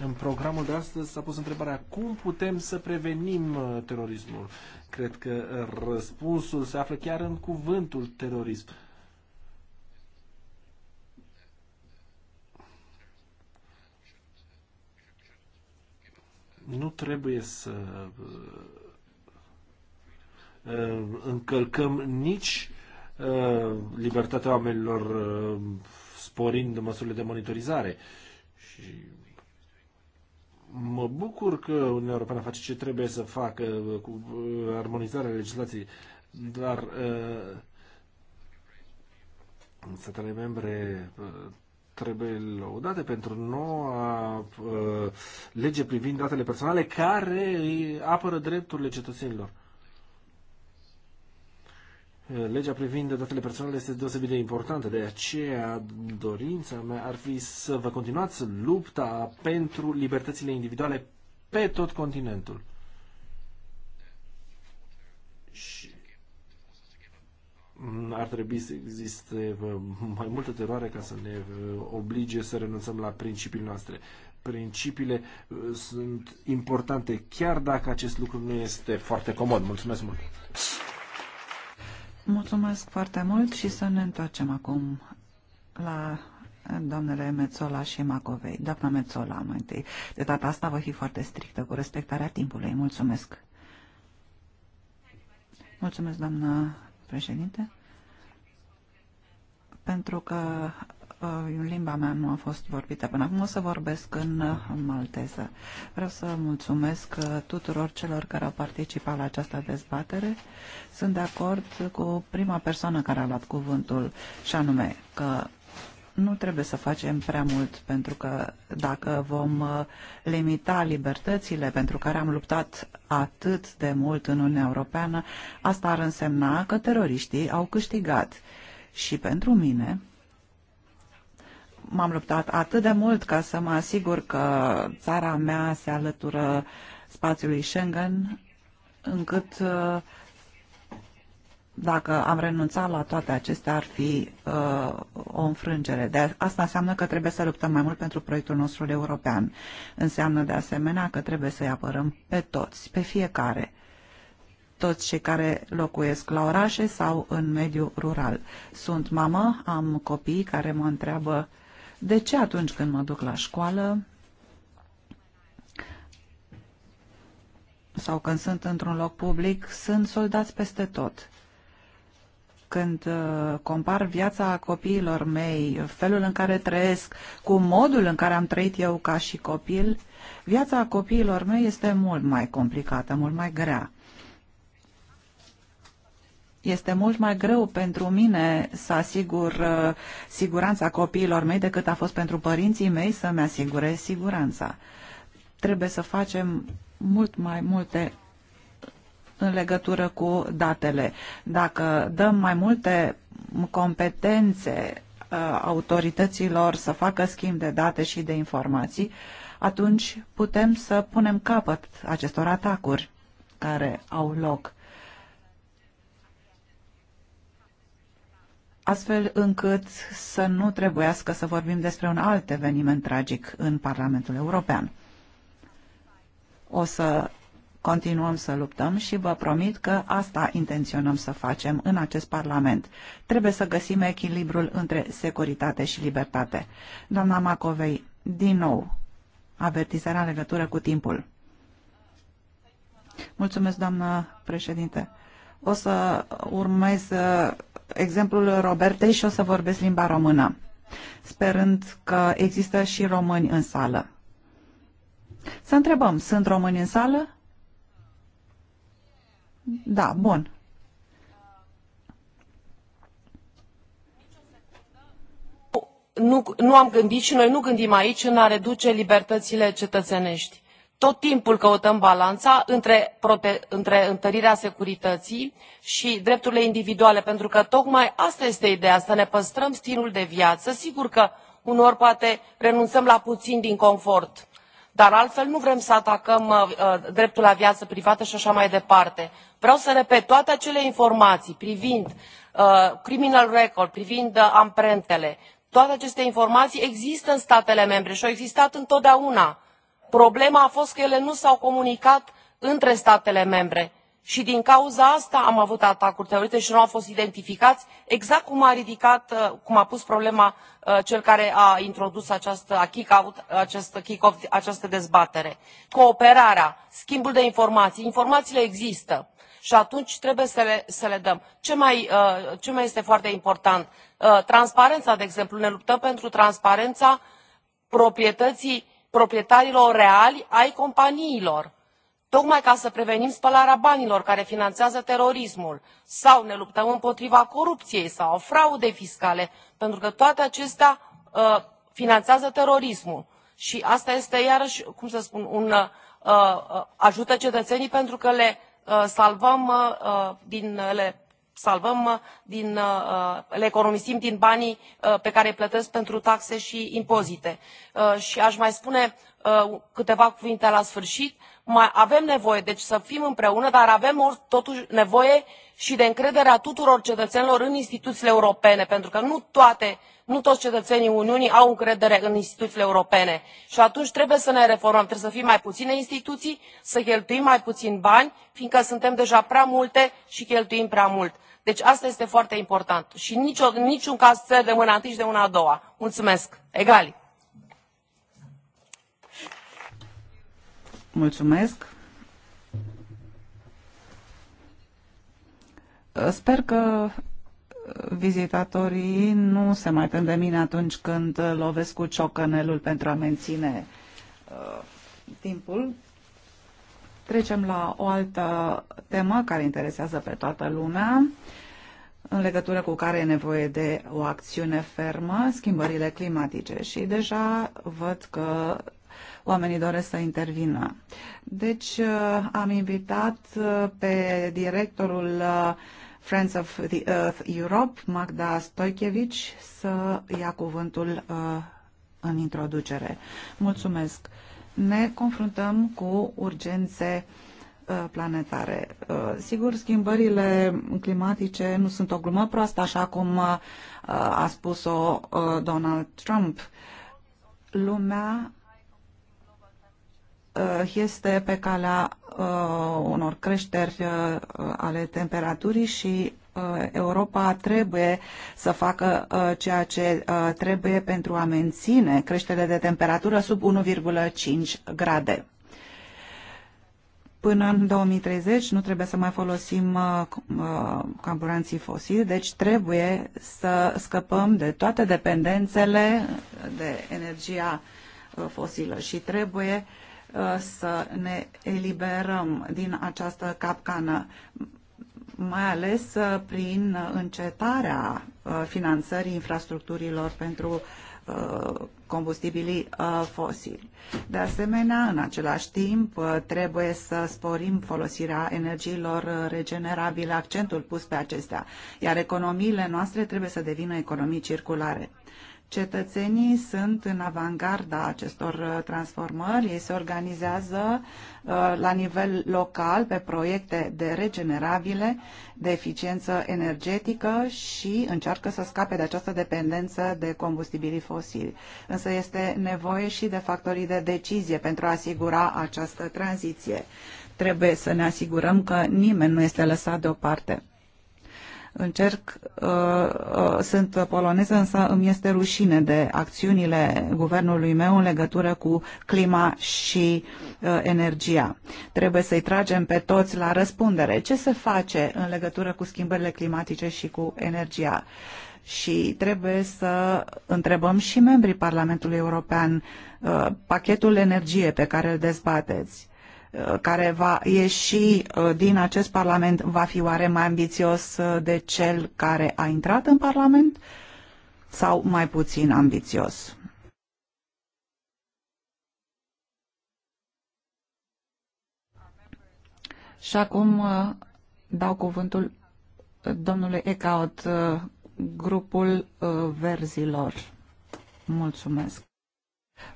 În programul de astăzi s-a pus întrebarea cum putem să prevenim uh, terorismul. Cred că uh, răspunsul se află chiar în cuvântul terorism. Nu trebuie să uh, încălcăm nici libertatea oamenilor sporind măsurile de monitorizare și Mă bucur că Uniunea Europeană face ce trebuie să facă uh, cu uh, armonizarea legislației, dar uh, statele membre trebuie lăudate pentru noua uh, lege privind datele personale care îi apără drepturile cetățenilor. Eh, legea privind datele personale este deosebit de importantă, de aceea dorința mea ar fi să vă continuați lupta pentru libertățile individuale pe tot continentul. Și mm, ar trebui să existe mai multă teroare ca să ne oblige să renunțăm la principiile noastre. Principiile eh, sunt importante chiar dacă acest lucru nu este foarte comod. Mulțumesc mult! Mulțumesc foarte mult și să ne întoarcem acum la doamnele Mețola și Macovei. Doamna Mețola, mai întâi. De data asta voi fi foarte strictă cu respectarea timpului. Mulțumesc. Mulțumesc, doamna președinte, pentru că în limba mea nu a fost vorbită până acum, o să vorbesc în malteză. Vreau să mulțumesc uh, tuturor celor care au participat la această dezbatere. Sunt de acord cu prima persoană care a luat cuvântul și anume că nu trebuie să facem prea mult, pentru că dacă vom uh, limita libertățile pentru care am luptat atât de mult în Uniunea Europeană, asta ar însemna că teroriștii au câștigat. Și pentru mine, m-am luptat atât de mult ca să mă asigur că țara mea se alătură spațiului Schengen, încât uh, dacă am renunțat la toate acestea ar fi uh, o înfrângere. De asta înseamnă că trebuie să luptăm mai mult pentru proiectul nostru european. Înseamnă de asemenea că trebuie să-i apărăm pe toți, pe fiecare toți cei care locuiesc la orașe sau în mediul rural. Sunt mamă, am copii care mă întreabă uh, de ce atunci când mă duc la școală sau când sunt într-un loc public, sunt soldați peste tot? Când uh, compar viața copiilor mei, felul în care trăiesc, cu modul în care am trăit eu ca și copil, viața copiilor mei este mult mai complicată, mult mai grea este mult mai greu pentru mine să asigur uh, siguranța copiilor mei decât a fost pentru părinții mei să-mi asigure siguranța. Trebuie să facem mult mai multe în legătură cu datele. Dacă dăm mai multe competențe uh, autorităților să facă schimb de date și de informații, atunci putem să punem capăt acestor atacuri care au loc astfel încât să nu trebuiască să vorbim despre un alt eveniment tragic în Parlamentul European. O să continuăm să luptăm și vă promit că asta intenționăm să facem în acest Parlament. Trebuie să găsim echilibrul între securitate și libertate. Doamna Macovei, din nou, avertizarea în legătură cu timpul. Mulțumesc, doamnă președinte. O să urmez uh, exemplul Robertei și o să vorbesc limba română, sperând că există și români în sală. Să întrebăm, sunt români în sală? Da, bun. Nu, nu am gândit și noi nu gândim aici în a reduce libertățile cetățenești tot timpul căutăm balanța între, întărirea securității și drepturile individuale pentru că tocmai asta este ideea să ne păstrăm stilul de viață sigur că uneori poate renunțăm la puțin din confort dar altfel nu vrem să atacăm uh, uh, dreptul la viață privată și așa mai departe. vreau să repet toate acele informații privind uh, criminal record privind amprentele toate aceste informații există în statele membre și au existat întotdeauna problema a fost că ele nu s au comunicat între statele membre și din cauza asta am avut atacuri teroriste și nu au fost identificați exact cum a ridicat uh, cum a pus problema uh, cel care a introdus această a kick out acest kick off această dezbatere cooperarea schimbul de informații informațiile există și atunci trebuie să le, să le dăm. Ce mai, uh, ce mai este foarte important? Transparența, de exemplu, ne luptăm pentru transparența proprietății proprietarilor reali ai companiilor tocmai ca să prevenim spălarea banilor care finanțează terorismul sau ne luptăm împotriva corupției sau a fraudei fiscale pentru că toate acestea uh, finanțează terorismul și asta este iarăși cum să spun un uh, uh, ajută cetățenii pentru că le salvăm din le salvăm uh, din, uh, uh, le economisim din banii pe care îi plătesc pentru taxe și impozite. Și aș mai spune câteva cuvinte la sfârșit mai avem nevoie deci să fim împreună dar avem totuși nevoie și de încrederea tuturor cetățenilor în instituțiile europene pentru că nu toate nu toți cetățenii uniunii au încredere în instituțiile europene și atunci trebuie să ne reformăm trebuie să fim mai puține instituții să cheltuim mai puțin bani fiindcă suntem deja prea multe și cheltuim prea mult. deci asta este foarte important și în niciun caz țări de mâna întâi și de mâna a doua. mulțumesc egali. Mulțumesc. Sper că vizitatorii nu se mai tem de mine atunci când lovesc cu ciocănelul pentru a menține uh, timpul. Trecem la o altă temă care interesează pe toată lumea, în legătură cu care e nevoie de o acțiune fermă, schimbările climatice. Și deja văd că oamenii doresc să intervină. Deci uh, am invitat uh, pe directorul uh, Friends of the Earth Europe, Magda Stoichevici, să ia cuvântul în introducere. Mulțumesc! Ne confruntăm cu urgențe planetare. Sigur, schimbările climatice nu sunt o glumă proastă, așa cum a spus-o Donald Trump. Lumea Uh, este pe calea uh, unor creșteri uh, ale temperaturii și Europa trebuie să facă ceea ce trebuie pentru a menține creșterea de temperatură sub 1,5 grade. Până în 2030 nu trebuie să mai folosim carburanții fosili, deci trebuie să scăpăm de toate dependențele de energia fosilă și trebuie Uh, să ne eliberăm din această capcană, mai ales uh, prin încetarea uh, finanțării infrastructurilor pentru combustibilii fosili. De asemenea, în același timp, trebuie să sporim folosirea energiilor regenerabile, accentul pus pe acestea, iar economiile noastre trebuie să devină economii circulare. Cetățenii sunt în avangarda acestor uh, transformări, ei se organizează uh, la nivel local pe proiecte de regenerabile, de eficiență energetică și încearcă să scape de această dependență de combustibilii fosili. Însă este nevoie și de factorii de decizie pentru a asigura această tranziție. Trebuie să ne asigurăm că nimeni nu este lăsat deoparte Încerc, uh, uh, sunt poloneză, însă îmi este rușine de acțiunile guvernului meu în legătură cu clima și uh, energia. Trebuie să-i tragem pe toți la răspundere. Ce se face în legătură cu schimbările climatice și cu energia? și trebuie să întrebăm și membrii Parlamentului European pachetul energie pe care îl dezbateți care va ieși uh, din acest Parlament va fi oare mai ambițios uh, de cel care a intrat în Parlament sau mai puțin ambițios? Și acum uh, dau cuvântul domnului Ecaut, grupul verzilor. Mulțumesc.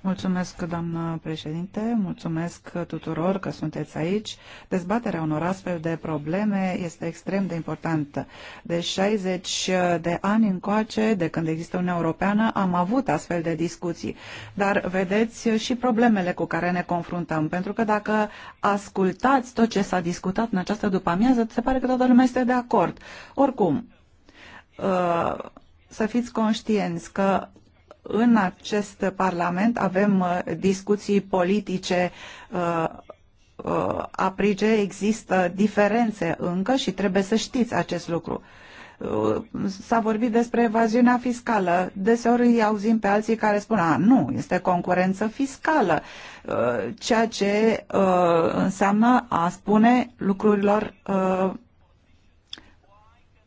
Mulțumesc, doamnă președinte, mulțumesc tuturor că sunteți aici. Dezbaterea unor astfel de probleme este extrem de importantă. De 60 de ani încoace, de când există Uniunea Europeană, am avut astfel de discuții. Dar vedeți și problemele cu care ne confruntăm, pentru că dacă ascultați tot ce s-a discutat în această după-amiază, se pare că toată lumea este de acord. Oricum, uh, să fiți conștienți că în acest Parlament avem uh, discuții politice uh, uh, aprige, există diferențe încă și trebuie să știți acest lucru. S-a vorbit despre evaziunea fiscală. Deseori îi auzim pe alții care spun, a, nu, este concurență fiscală, ceea ce înseamnă a spune lucrurilor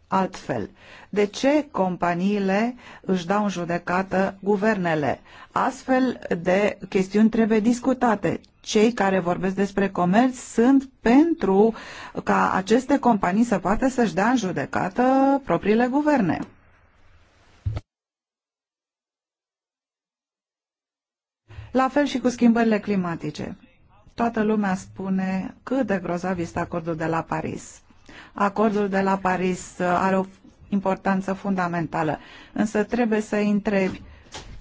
altfel. De ce companiile își dau în judecată guvernele? Astfel de chestiuni trebuie discutate. Cei care vorbesc despre comerț sunt pentru ca aceste companii să poată să-și dea în judecată propriile guverne. La fel și cu schimbările climatice. Toată lumea spune cât de grozav este acordul de la Paris Acordul de la Paris uh, are o importanță fundamentală, însă trebuie să întrebi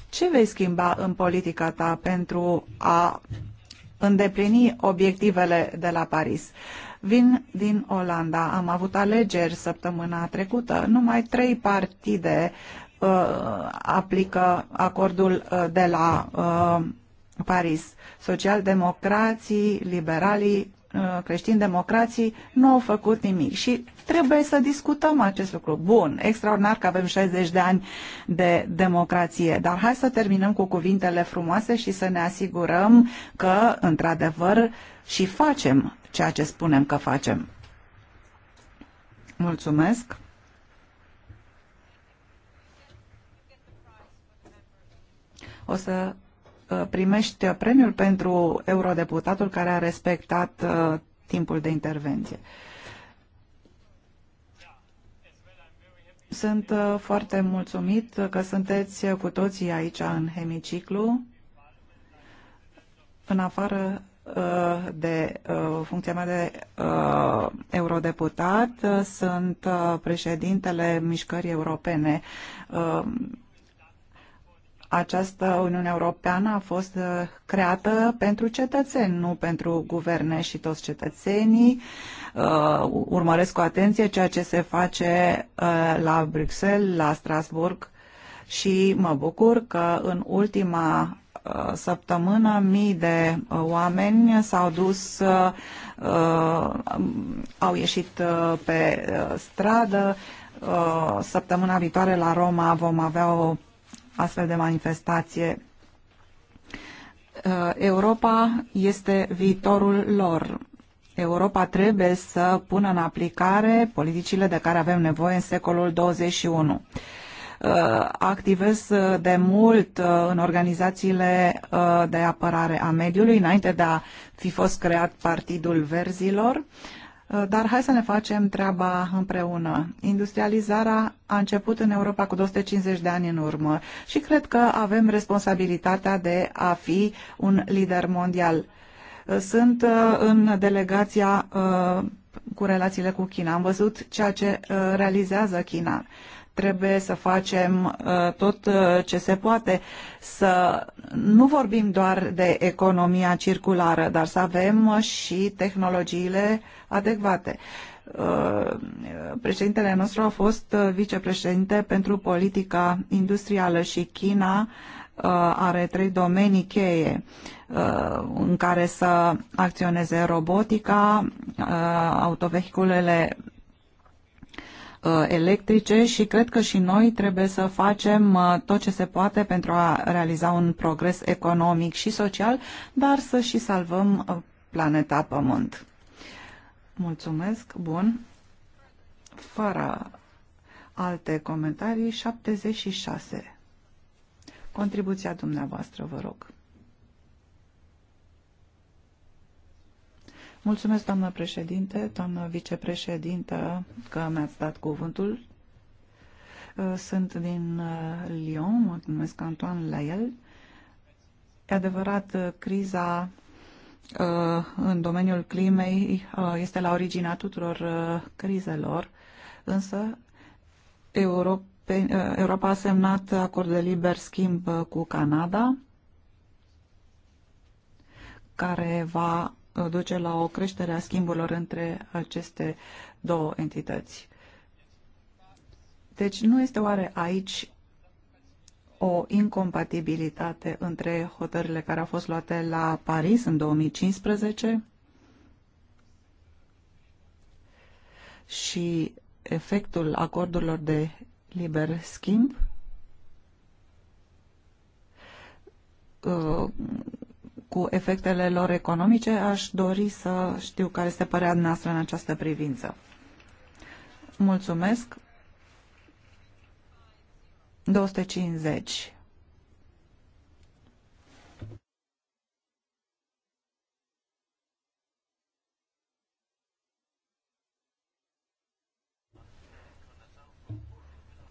ce vei schimba în politica ta pentru a îndeplini obiectivele de la Paris. Vin din Olanda, am avut alegeri săptămâna trecută, numai trei partide uh, aplică acordul uh, de la uh, Paris. Socialdemocrații, liberalii Uh, creștini-democrații nu au făcut nimic și trebuie să discutăm acest lucru. Bun, extraordinar că avem 60 de ani de democrație, dar hai să terminăm cu cuvintele frumoase și să ne asigurăm că, într-adevăr, și facem ceea ce spunem că facem. Mulțumesc! O să Uh, primești premiul pentru eurodeputatul care a respectat uh, timpul de intervenție. Sunt uh, foarte mulțumit că sunteți cu toții aici în hemiciclu, în afară de funcția mea de eurodeputat, sunt președintele Mișcării Europene această Uniune Europeană a fost uh, creată pentru cetățeni, nu pentru guverne și toți cetățenii. Uh, urmăresc cu atenție ceea ce se face uh, la Bruxelles, la Strasburg și mă bucur că în ultima săptămână mii de oameni s-au dus, au ieșit pe stradă. Săptămâna viitoare la Roma vom avea o astfel de manifestație. Uh, Europa este viitorul lor. Europa trebuie să pună în aplicare politicile de care avem nevoie în secolul 21. Uh, activez de mult uh, în organizațiile de apărare a mediului, înainte de a fi fost creat Partidul Verzilor Uh, dar hai să ne facem treaba împreună. Industrializarea a început în Europa cu 250 de ani în urmă și cred că avem responsabilitatea de a fi un lider mondial. Uh, sunt uh, în delegația cu relațiile cu China. Am văzut ceea ce realizează China trebuie să facem uh, tot uh, ce se poate, să nu vorbim doar de economia circulară, dar să avem uh, și tehnologiile adecvate. Președintele nostru a fost vicepreședinte pentru politica industrială și China are trei domenii cheie în care să acționeze robotica, autovehiculele Uh, electrice și cred că și noi trebuie să facem uh, tot ce se poate pentru a realiza un progres economic și social, dar să și salvăm uh, planeta Pământ. Mulțumesc, bun. Fără alte comentarii, 76. Contribuția dumneavoastră, vă rog. Mulțumesc, doamnă președinte, doamnă vicepreședintă, că mi-ați dat cuvântul. Uh, sunt din uh, Lyon, mă numesc Antoine Lael. E adevărat, uh, criza în domeniul climei este la originea tuturor crizelor, însă Europa a semnat acord de liber schimb cu Canada, care va duce la o creștere a schimburilor între aceste două entități. Deci nu este oare aici o incompatibilitate între hotările care au fost luate la Paris în 2015 și efectul acordurilor de liber schimb uh, cu efectele lor economice, aș dori să știu care este părerea noastră în această privință. Mulțumesc. 250.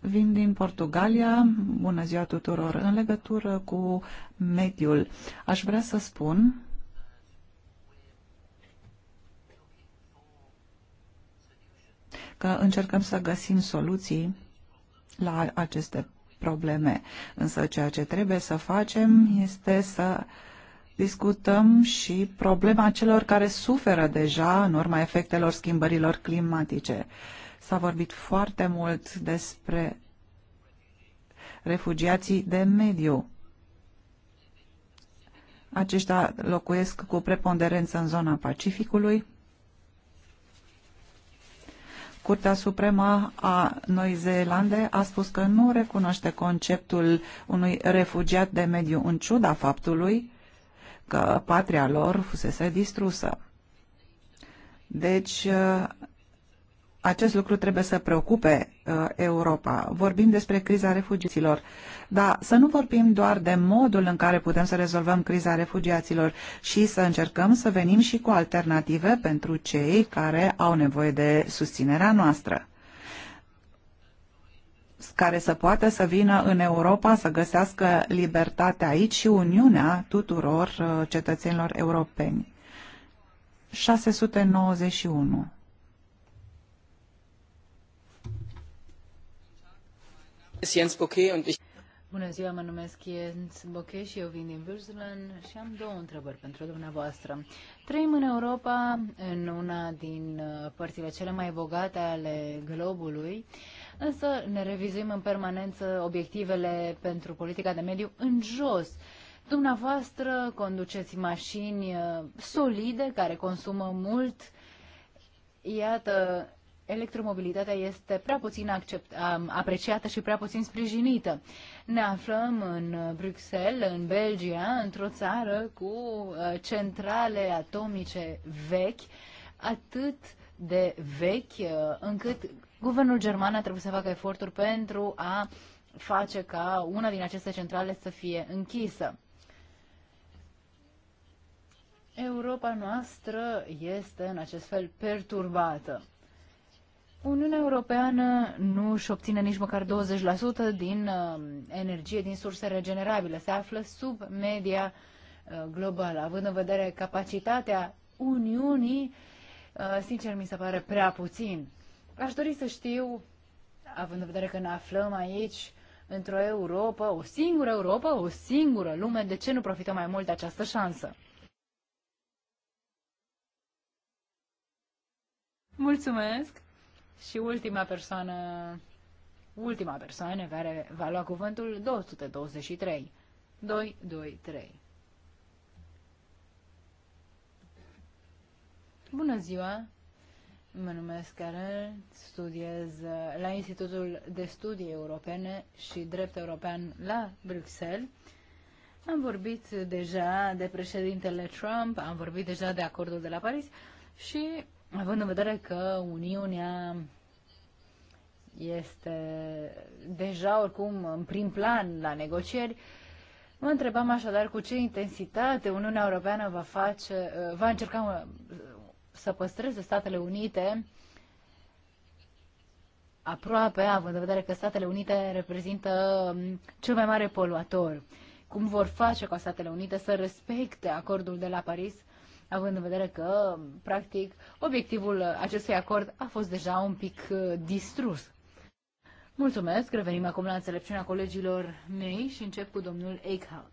Vin din Portugalia, bună ziua tuturor, în legătură cu mediul. Aș vrea să spun că încercăm să găsim soluții la aceste probleme. Însă ceea ce trebuie să facem este să discutăm și problema celor care suferă deja în urma efectelor schimbărilor climatice. Uh, S-a vorbit foarte mult despre refugiații de mediu. Aceștia locuiesc cu preponderență în zona Pacificului. Curtea Supremă a Noi Zeelande a spus că nu recunoaște conceptul unui refugiat de mediu în ciuda faptului că patria lor fusese distrusă. Deci acest lucru trebuie să preocupe uh, Europa. Vorbim despre criza refugiaților, dar să nu vorbim doar de modul în care putem să rezolvăm criza refugiaților și să încercăm să venim și cu alternative pentru cei care au nevoie de susținerea noastră care să poată să vină în Europa să găsească libertatea aici și uniunea tuturor uh, cetățenilor europeni. 691 Jens Bună ziua, mă numesc Jens Boche și eu vin din Würzelen și am două întrebări pentru dumneavoastră. Trăim în Europa, în una din uh, părțile cele mai bogate ale globului, însă ne revizuim în permanență obiectivele pentru politica de mediu în jos. Dumneavoastră conduceți mașini uh, solide care consumă mult. Iată, electromobilitatea este prea puțin accept, apreciată și prea puțin sprijinită. Ne aflăm în Bruxelles, în Belgia, într-o țară cu uh, centrale atomice vechi, atât de vechi uh, încât guvernul german a trebuit să facă eforturi pentru a face ca una din aceste centrale să fie închisă. Europa noastră este în acest fel perturbată. Uniunea Europeană nu își obține nici măcar 20% din uh, energie din surse regenerabile. Se află sub media uh, globală, având în vedere capacitatea Uniunii, uh, sincer mi se pare prea puțin. Aș dori să știu, având în vedere că ne aflăm aici, într-o Europa, o singură Europa, o singură lume, de ce nu profităm mai mult de această șansă? Mulțumesc! Și ultima persoană, ultima persoană care va lua cuvântul 223. 3. Bună ziua! Mă numesc Karen, studiez la Institutul de Studii Europene și Drept European la Bruxelles. Am vorbit deja de președintele Trump, am vorbit deja de acordul de la Paris și având în vedere că Uniunea este deja oricum în prim plan la negocieri, mă întrebam așadar cu ce intensitate Uniunea Europeană va face, va încerca să păstreze Statele Unite aproape, având în vedere că Statele Unite reprezintă um, cel mai mare poluator. Cum vor face ca Statele Unite să respecte acordul de la Paris având în vedere că, practic, obiectivul acestui acord a fost deja un pic uh, distrus. Mulțumesc, revenim acum la înțelepciunea colegilor mei și încep cu domnul Eichhout.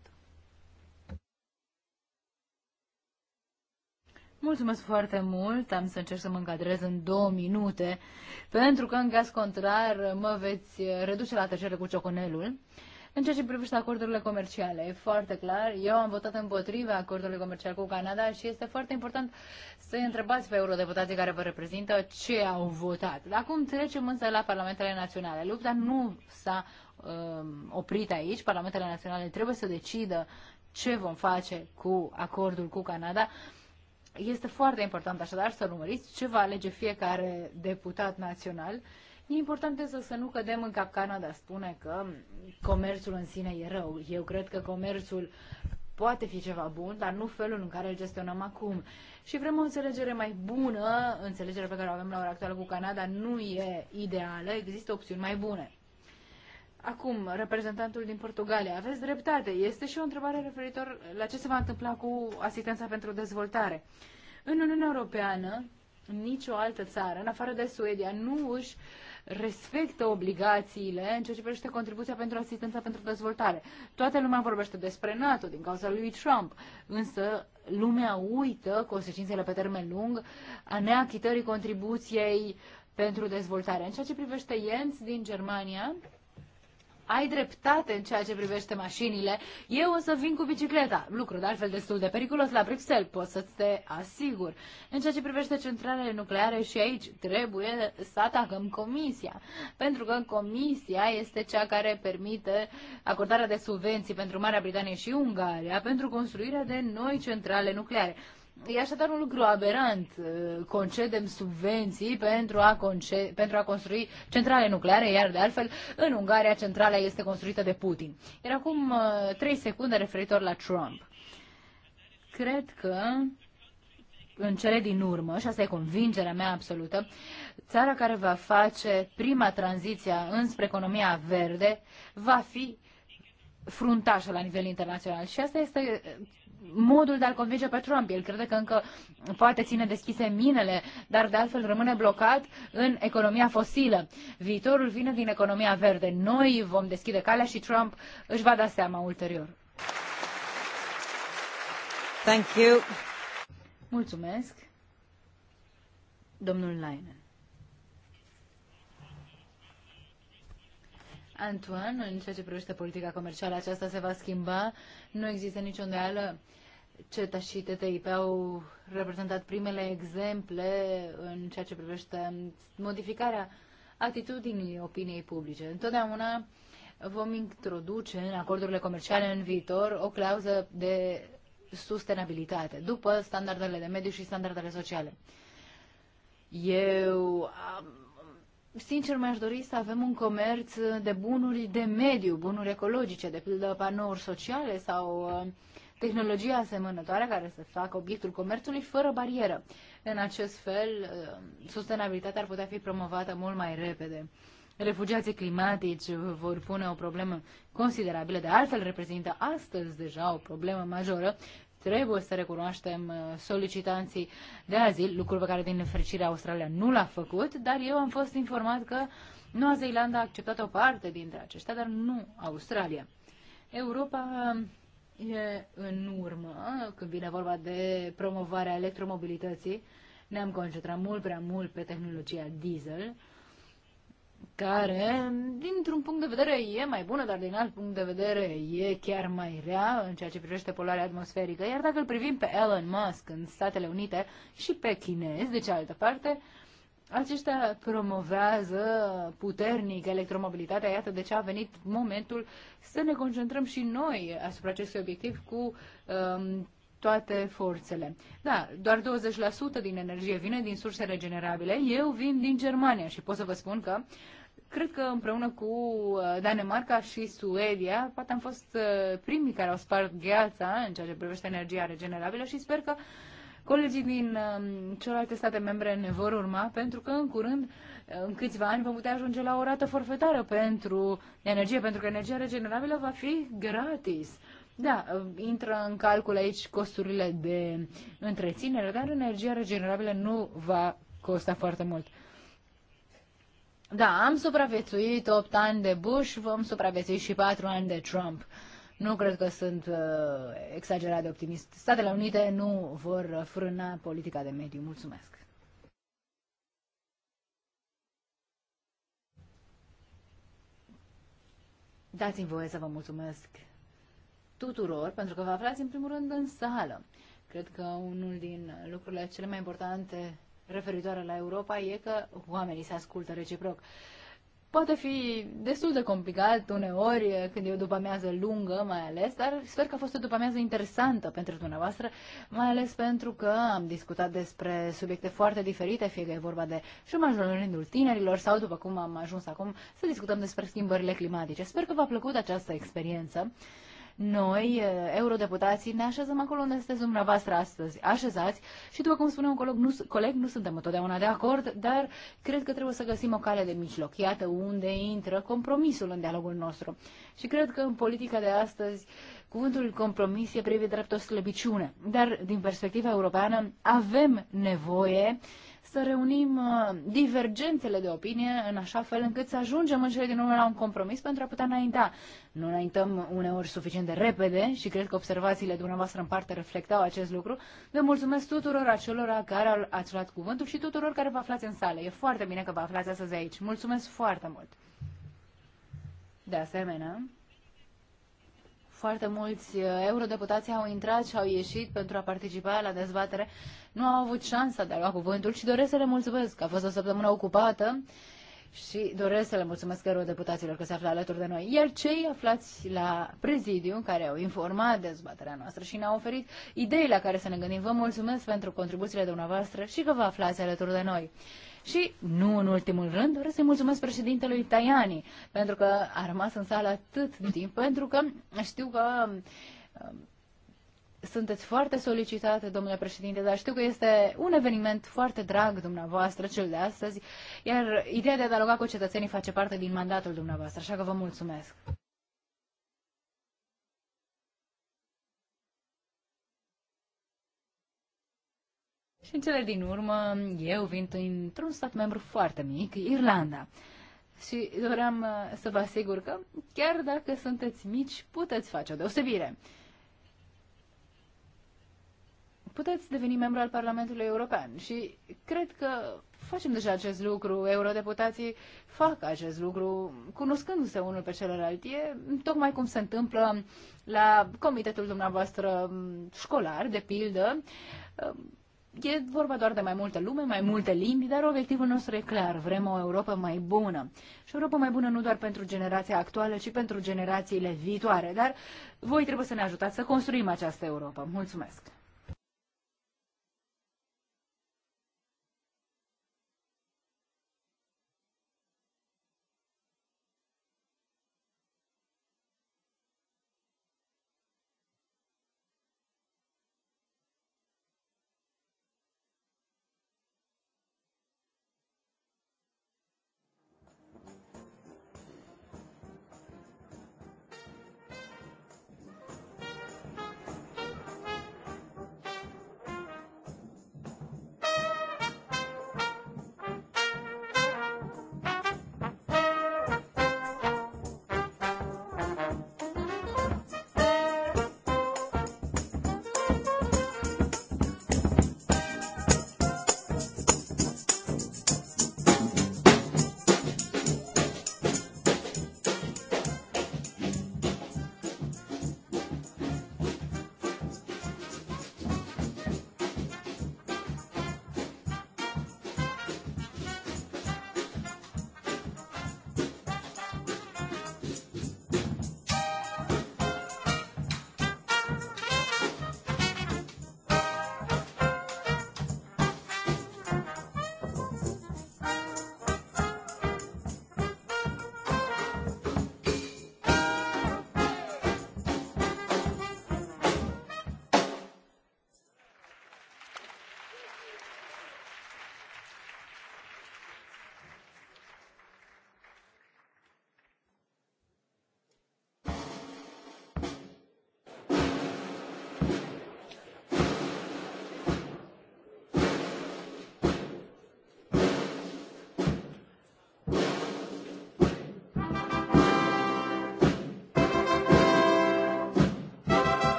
Mulțumesc foarte mult, am să încerc să mă încadrez în două minute, pentru că în caz contrar mă veți uh, reduce la tăcere cu cioconelul. Uh, în ceea ce privește acordurile comerciale, e foarte clar, eu am votat împotriva acordului comercial cu Canada și este foarte important să întrebați pe eurodeputații care vă reprezintă ce au votat. Acum trecem însă la Parlamentele Naționale. Lupta nu s-a um, oprit aici. Parlamentele Naționale trebuie să decidă ce vom face cu acordul cu Canada. Este foarte important așadar să urmăriți ce va alege fiecare deputat național E important însă să nu cădem în capcana de a spune că comerțul în sine e rău. Eu cred că comerțul poate fi ceva bun, dar nu felul în care îl gestionăm acum. Și vrem o înțelegere mai bună, înțelegerea pe care o avem la ora actuală cu Canada nu e ideală, există opțiuni mai bune. Acum, reprezentantul din Portugalia, aveți dreptate. Este și o întrebare referitor la ce se va întâmpla cu asistența pentru dezvoltare. În Uniunea Europeană, nicio altă țară, în afară de Suedia, nu își uh, respectă obligațiile în ceea ce privește contribuția pentru asistența pentru dezvoltare. Toată lumea vorbește despre NATO din cauza lui Trump, însă lumea uită consecințele pe termen lung a neachitării contribuției pentru dezvoltare. În ceea ce privește Jens din Germania, ai dreptate în ceea ce privește mașinile, eu o să vin cu bicicleta. Lucru de altfel destul de periculos la Bruxelles, pot să te asigur. În ceea ce privește centralele nucleare și aici trebuie să atacăm comisia. Pentru că comisia este cea care permite acordarea de subvenții pentru Marea Britanie și Ungaria pentru construirea de noi centrale nucleare. E așadar un lucru aberant. Uh, concedem subvenții pentru a, conce- pentru a construi centrale nucleare, iar de altfel în Ungaria centrala este construită de Putin. Era acum uh, trei secunde referitor la Trump. Cred că în cele din urmă, și asta e convingerea mea absolută, țara care va face prima tranziția înspre economia verde va fi fruntașă la nivel internațional. Și asta este modul de a-l convinge pe Trump. El crede că încă poate ține deschise minele, dar de altfel rămâne blocat în economia fosilă. Viitorul vine din economia verde. Noi vom deschide calea și Trump își va da seama ulterior. Thank you. Mulțumesc. Domnul Leinen. Antoine, în ceea ce privește politica comercială, aceasta se va schimba. Nu există nicio îndoială. CETA și TTIP au reprezentat primele exemple în ceea ce privește modificarea atitudinii opiniei publice. Întotdeauna vom introduce în acordurile comerciale în viitor o clauză de sustenabilitate, după standardele de mediu și standardele sociale. Eu am Sincer, mi-aș dori să avem un comerț de bunuri de mediu, bunuri ecologice, de pildă panouri sociale sau uh, tehnologia asemănătoare care să facă obiectul comerțului fără barieră. În acest fel, uh, sustenabilitatea ar putea fi promovată mult mai repede. Refugiații climatici vor pune o problemă considerabilă, de altfel reprezintă astăzi deja o problemă majoră trebuie să recunoaștem uh, solicitanții de azil, lucru pe care din nefericire Australia nu l-a făcut, dar eu am fost informat că Noua Zeelandă a acceptat o parte dintre aceștia, dar nu Australia. Europa um, e în urmă când vine vorba de promovarea electromobilității. Ne-am concentrat mult prea mult pe tehnologia diesel care, dintr-un punct de vedere, e mai bună, dar din alt punct de vedere e chiar mai rea în ceea ce privește poluarea atmosferică. Iar dacă îl privim pe Elon Musk în Statele Unite și pe chinezi, de cealaltă parte, aceștia promovează puternic electromobilitatea, iată de ce a venit momentul să ne concentrăm și noi asupra acestui obiectiv cu um, toate forțele. Da, doar 20% din energie vine din surse regenerabile. Eu vin din Germania și pot să vă spun că Cred că împreună cu uh, Danemarca și Suedia, poate am fost uh, primii care au spart gheața în ceea ce privește energia regenerabilă și sper că colegii din um, celelalte state membre ne vor urma, pentru că în curând, uh, în câțiva ani, vom putea ajunge la o rată forfetară pentru energie, pentru că energia regenerabilă va fi gratis. Da, intră în calcul aici costurile de întreținere, dar energia regenerabilă nu va costa foarte mult. Da, am supraviețuit 8 ani de Bush, vom supraviețui și 4 ani de Trump. Nu cred că sunt uh, exagerat de optimist. Statele Unite nu vor frâna politica de mediu. Mulțumesc. Dați-mi voie să vă mulțumesc tuturor pentru că vă aflați în primul rând în sală. Cred că unul din lucrurile cele mai importante referitoare la Europa e că oamenii se ascultă reciproc. Poate fi destul de complicat uneori, eh, când e o după-amiază lungă mai ales, dar sper că a fost o după-amiază interesantă pentru dumneavoastră, mai ales pentru că am discutat despre subiecte foarte diferite, fie că e vorba de șomajul în rândul tinerilor sau, după cum am ajuns acum, să discutăm despre schimbările climatice. Sper că v-a plăcut această experiență noi, eh, eurodeputații, ne așezăm acolo unde sunteți dumneavoastră astăzi așezați și, după cum spune un coleg nu, coleg, nu suntem întotdeauna de acord, dar cred că trebuie să găsim o cale de mijloc. Iată unde intră compromisul în dialogul nostru. Și cred că în politica de astăzi cuvântul compromis e privit drept o slăbiciune. Dar, din perspectiva europeană, avem nevoie să reunim uh, divergențele de opinie în așa fel încât să ajungem în cele din urmă la un compromis pentru a putea înainta. Nu înaintăm uneori suficient de repede și cred că observațiile dumneavoastră în parte reflectau acest lucru. Vă mulțumesc tuturor acelora care ați luat cuvântul și tuturor care vă aflați în sală. E foarte bine că vă aflați astăzi aici. Mulțumesc foarte mult! De asemenea, foarte mulți uh, eurodeputați au intrat și au ieșit pentru a participa la dezbatere, nu au avut șansa de a lua cuvântul și doresc să le mulțumesc. A fost o săptămână ocupată și doresc să le mulțumesc eurodeputaților că se află alături de noi. Iar cei aflați la prezidiu, care au informat dezbaterea noastră și ne-au oferit idei la care să ne gândim, vă mulțumesc pentru contribuțiile dumneavoastră și că vă aflați alături de noi. Și, nu în ultimul rând, doresc să-i mulțumesc președintelui Tajani, pentru că a rămas în sală atât de timp, pentru că știu că um, sunteți foarte solicitate, domnule președinte, dar știu că este un eveniment foarte drag dumneavoastră, cel de astăzi, iar ideea de a dialoga cu cetățenii face parte din mandatul dumneavoastră, așa că vă mulțumesc. în cele din urmă, eu vin într-un stat membru foarte mic, Irlanda. Și doream uh, să vă asigur că, chiar dacă sunteți mici, puteți face o deosebire. Puteți deveni membru al Parlamentului European și cred că facem deja acest lucru, eurodeputații fac acest lucru, cunoscându-se unul pe celălalt. E tocmai cum se întâmplă la comitetul dumneavoastră mm, școlar, de pildă. E vorba doar de mai multă lume, mai multe limbi, dar obiectivul nostru e clar. Vrem o Europa mai bună. Și o Europa mai bună nu doar pentru generația actuală, ci pentru generațiile viitoare. Dar voi trebuie să ne ajutați să construim această Europa. Mulțumesc!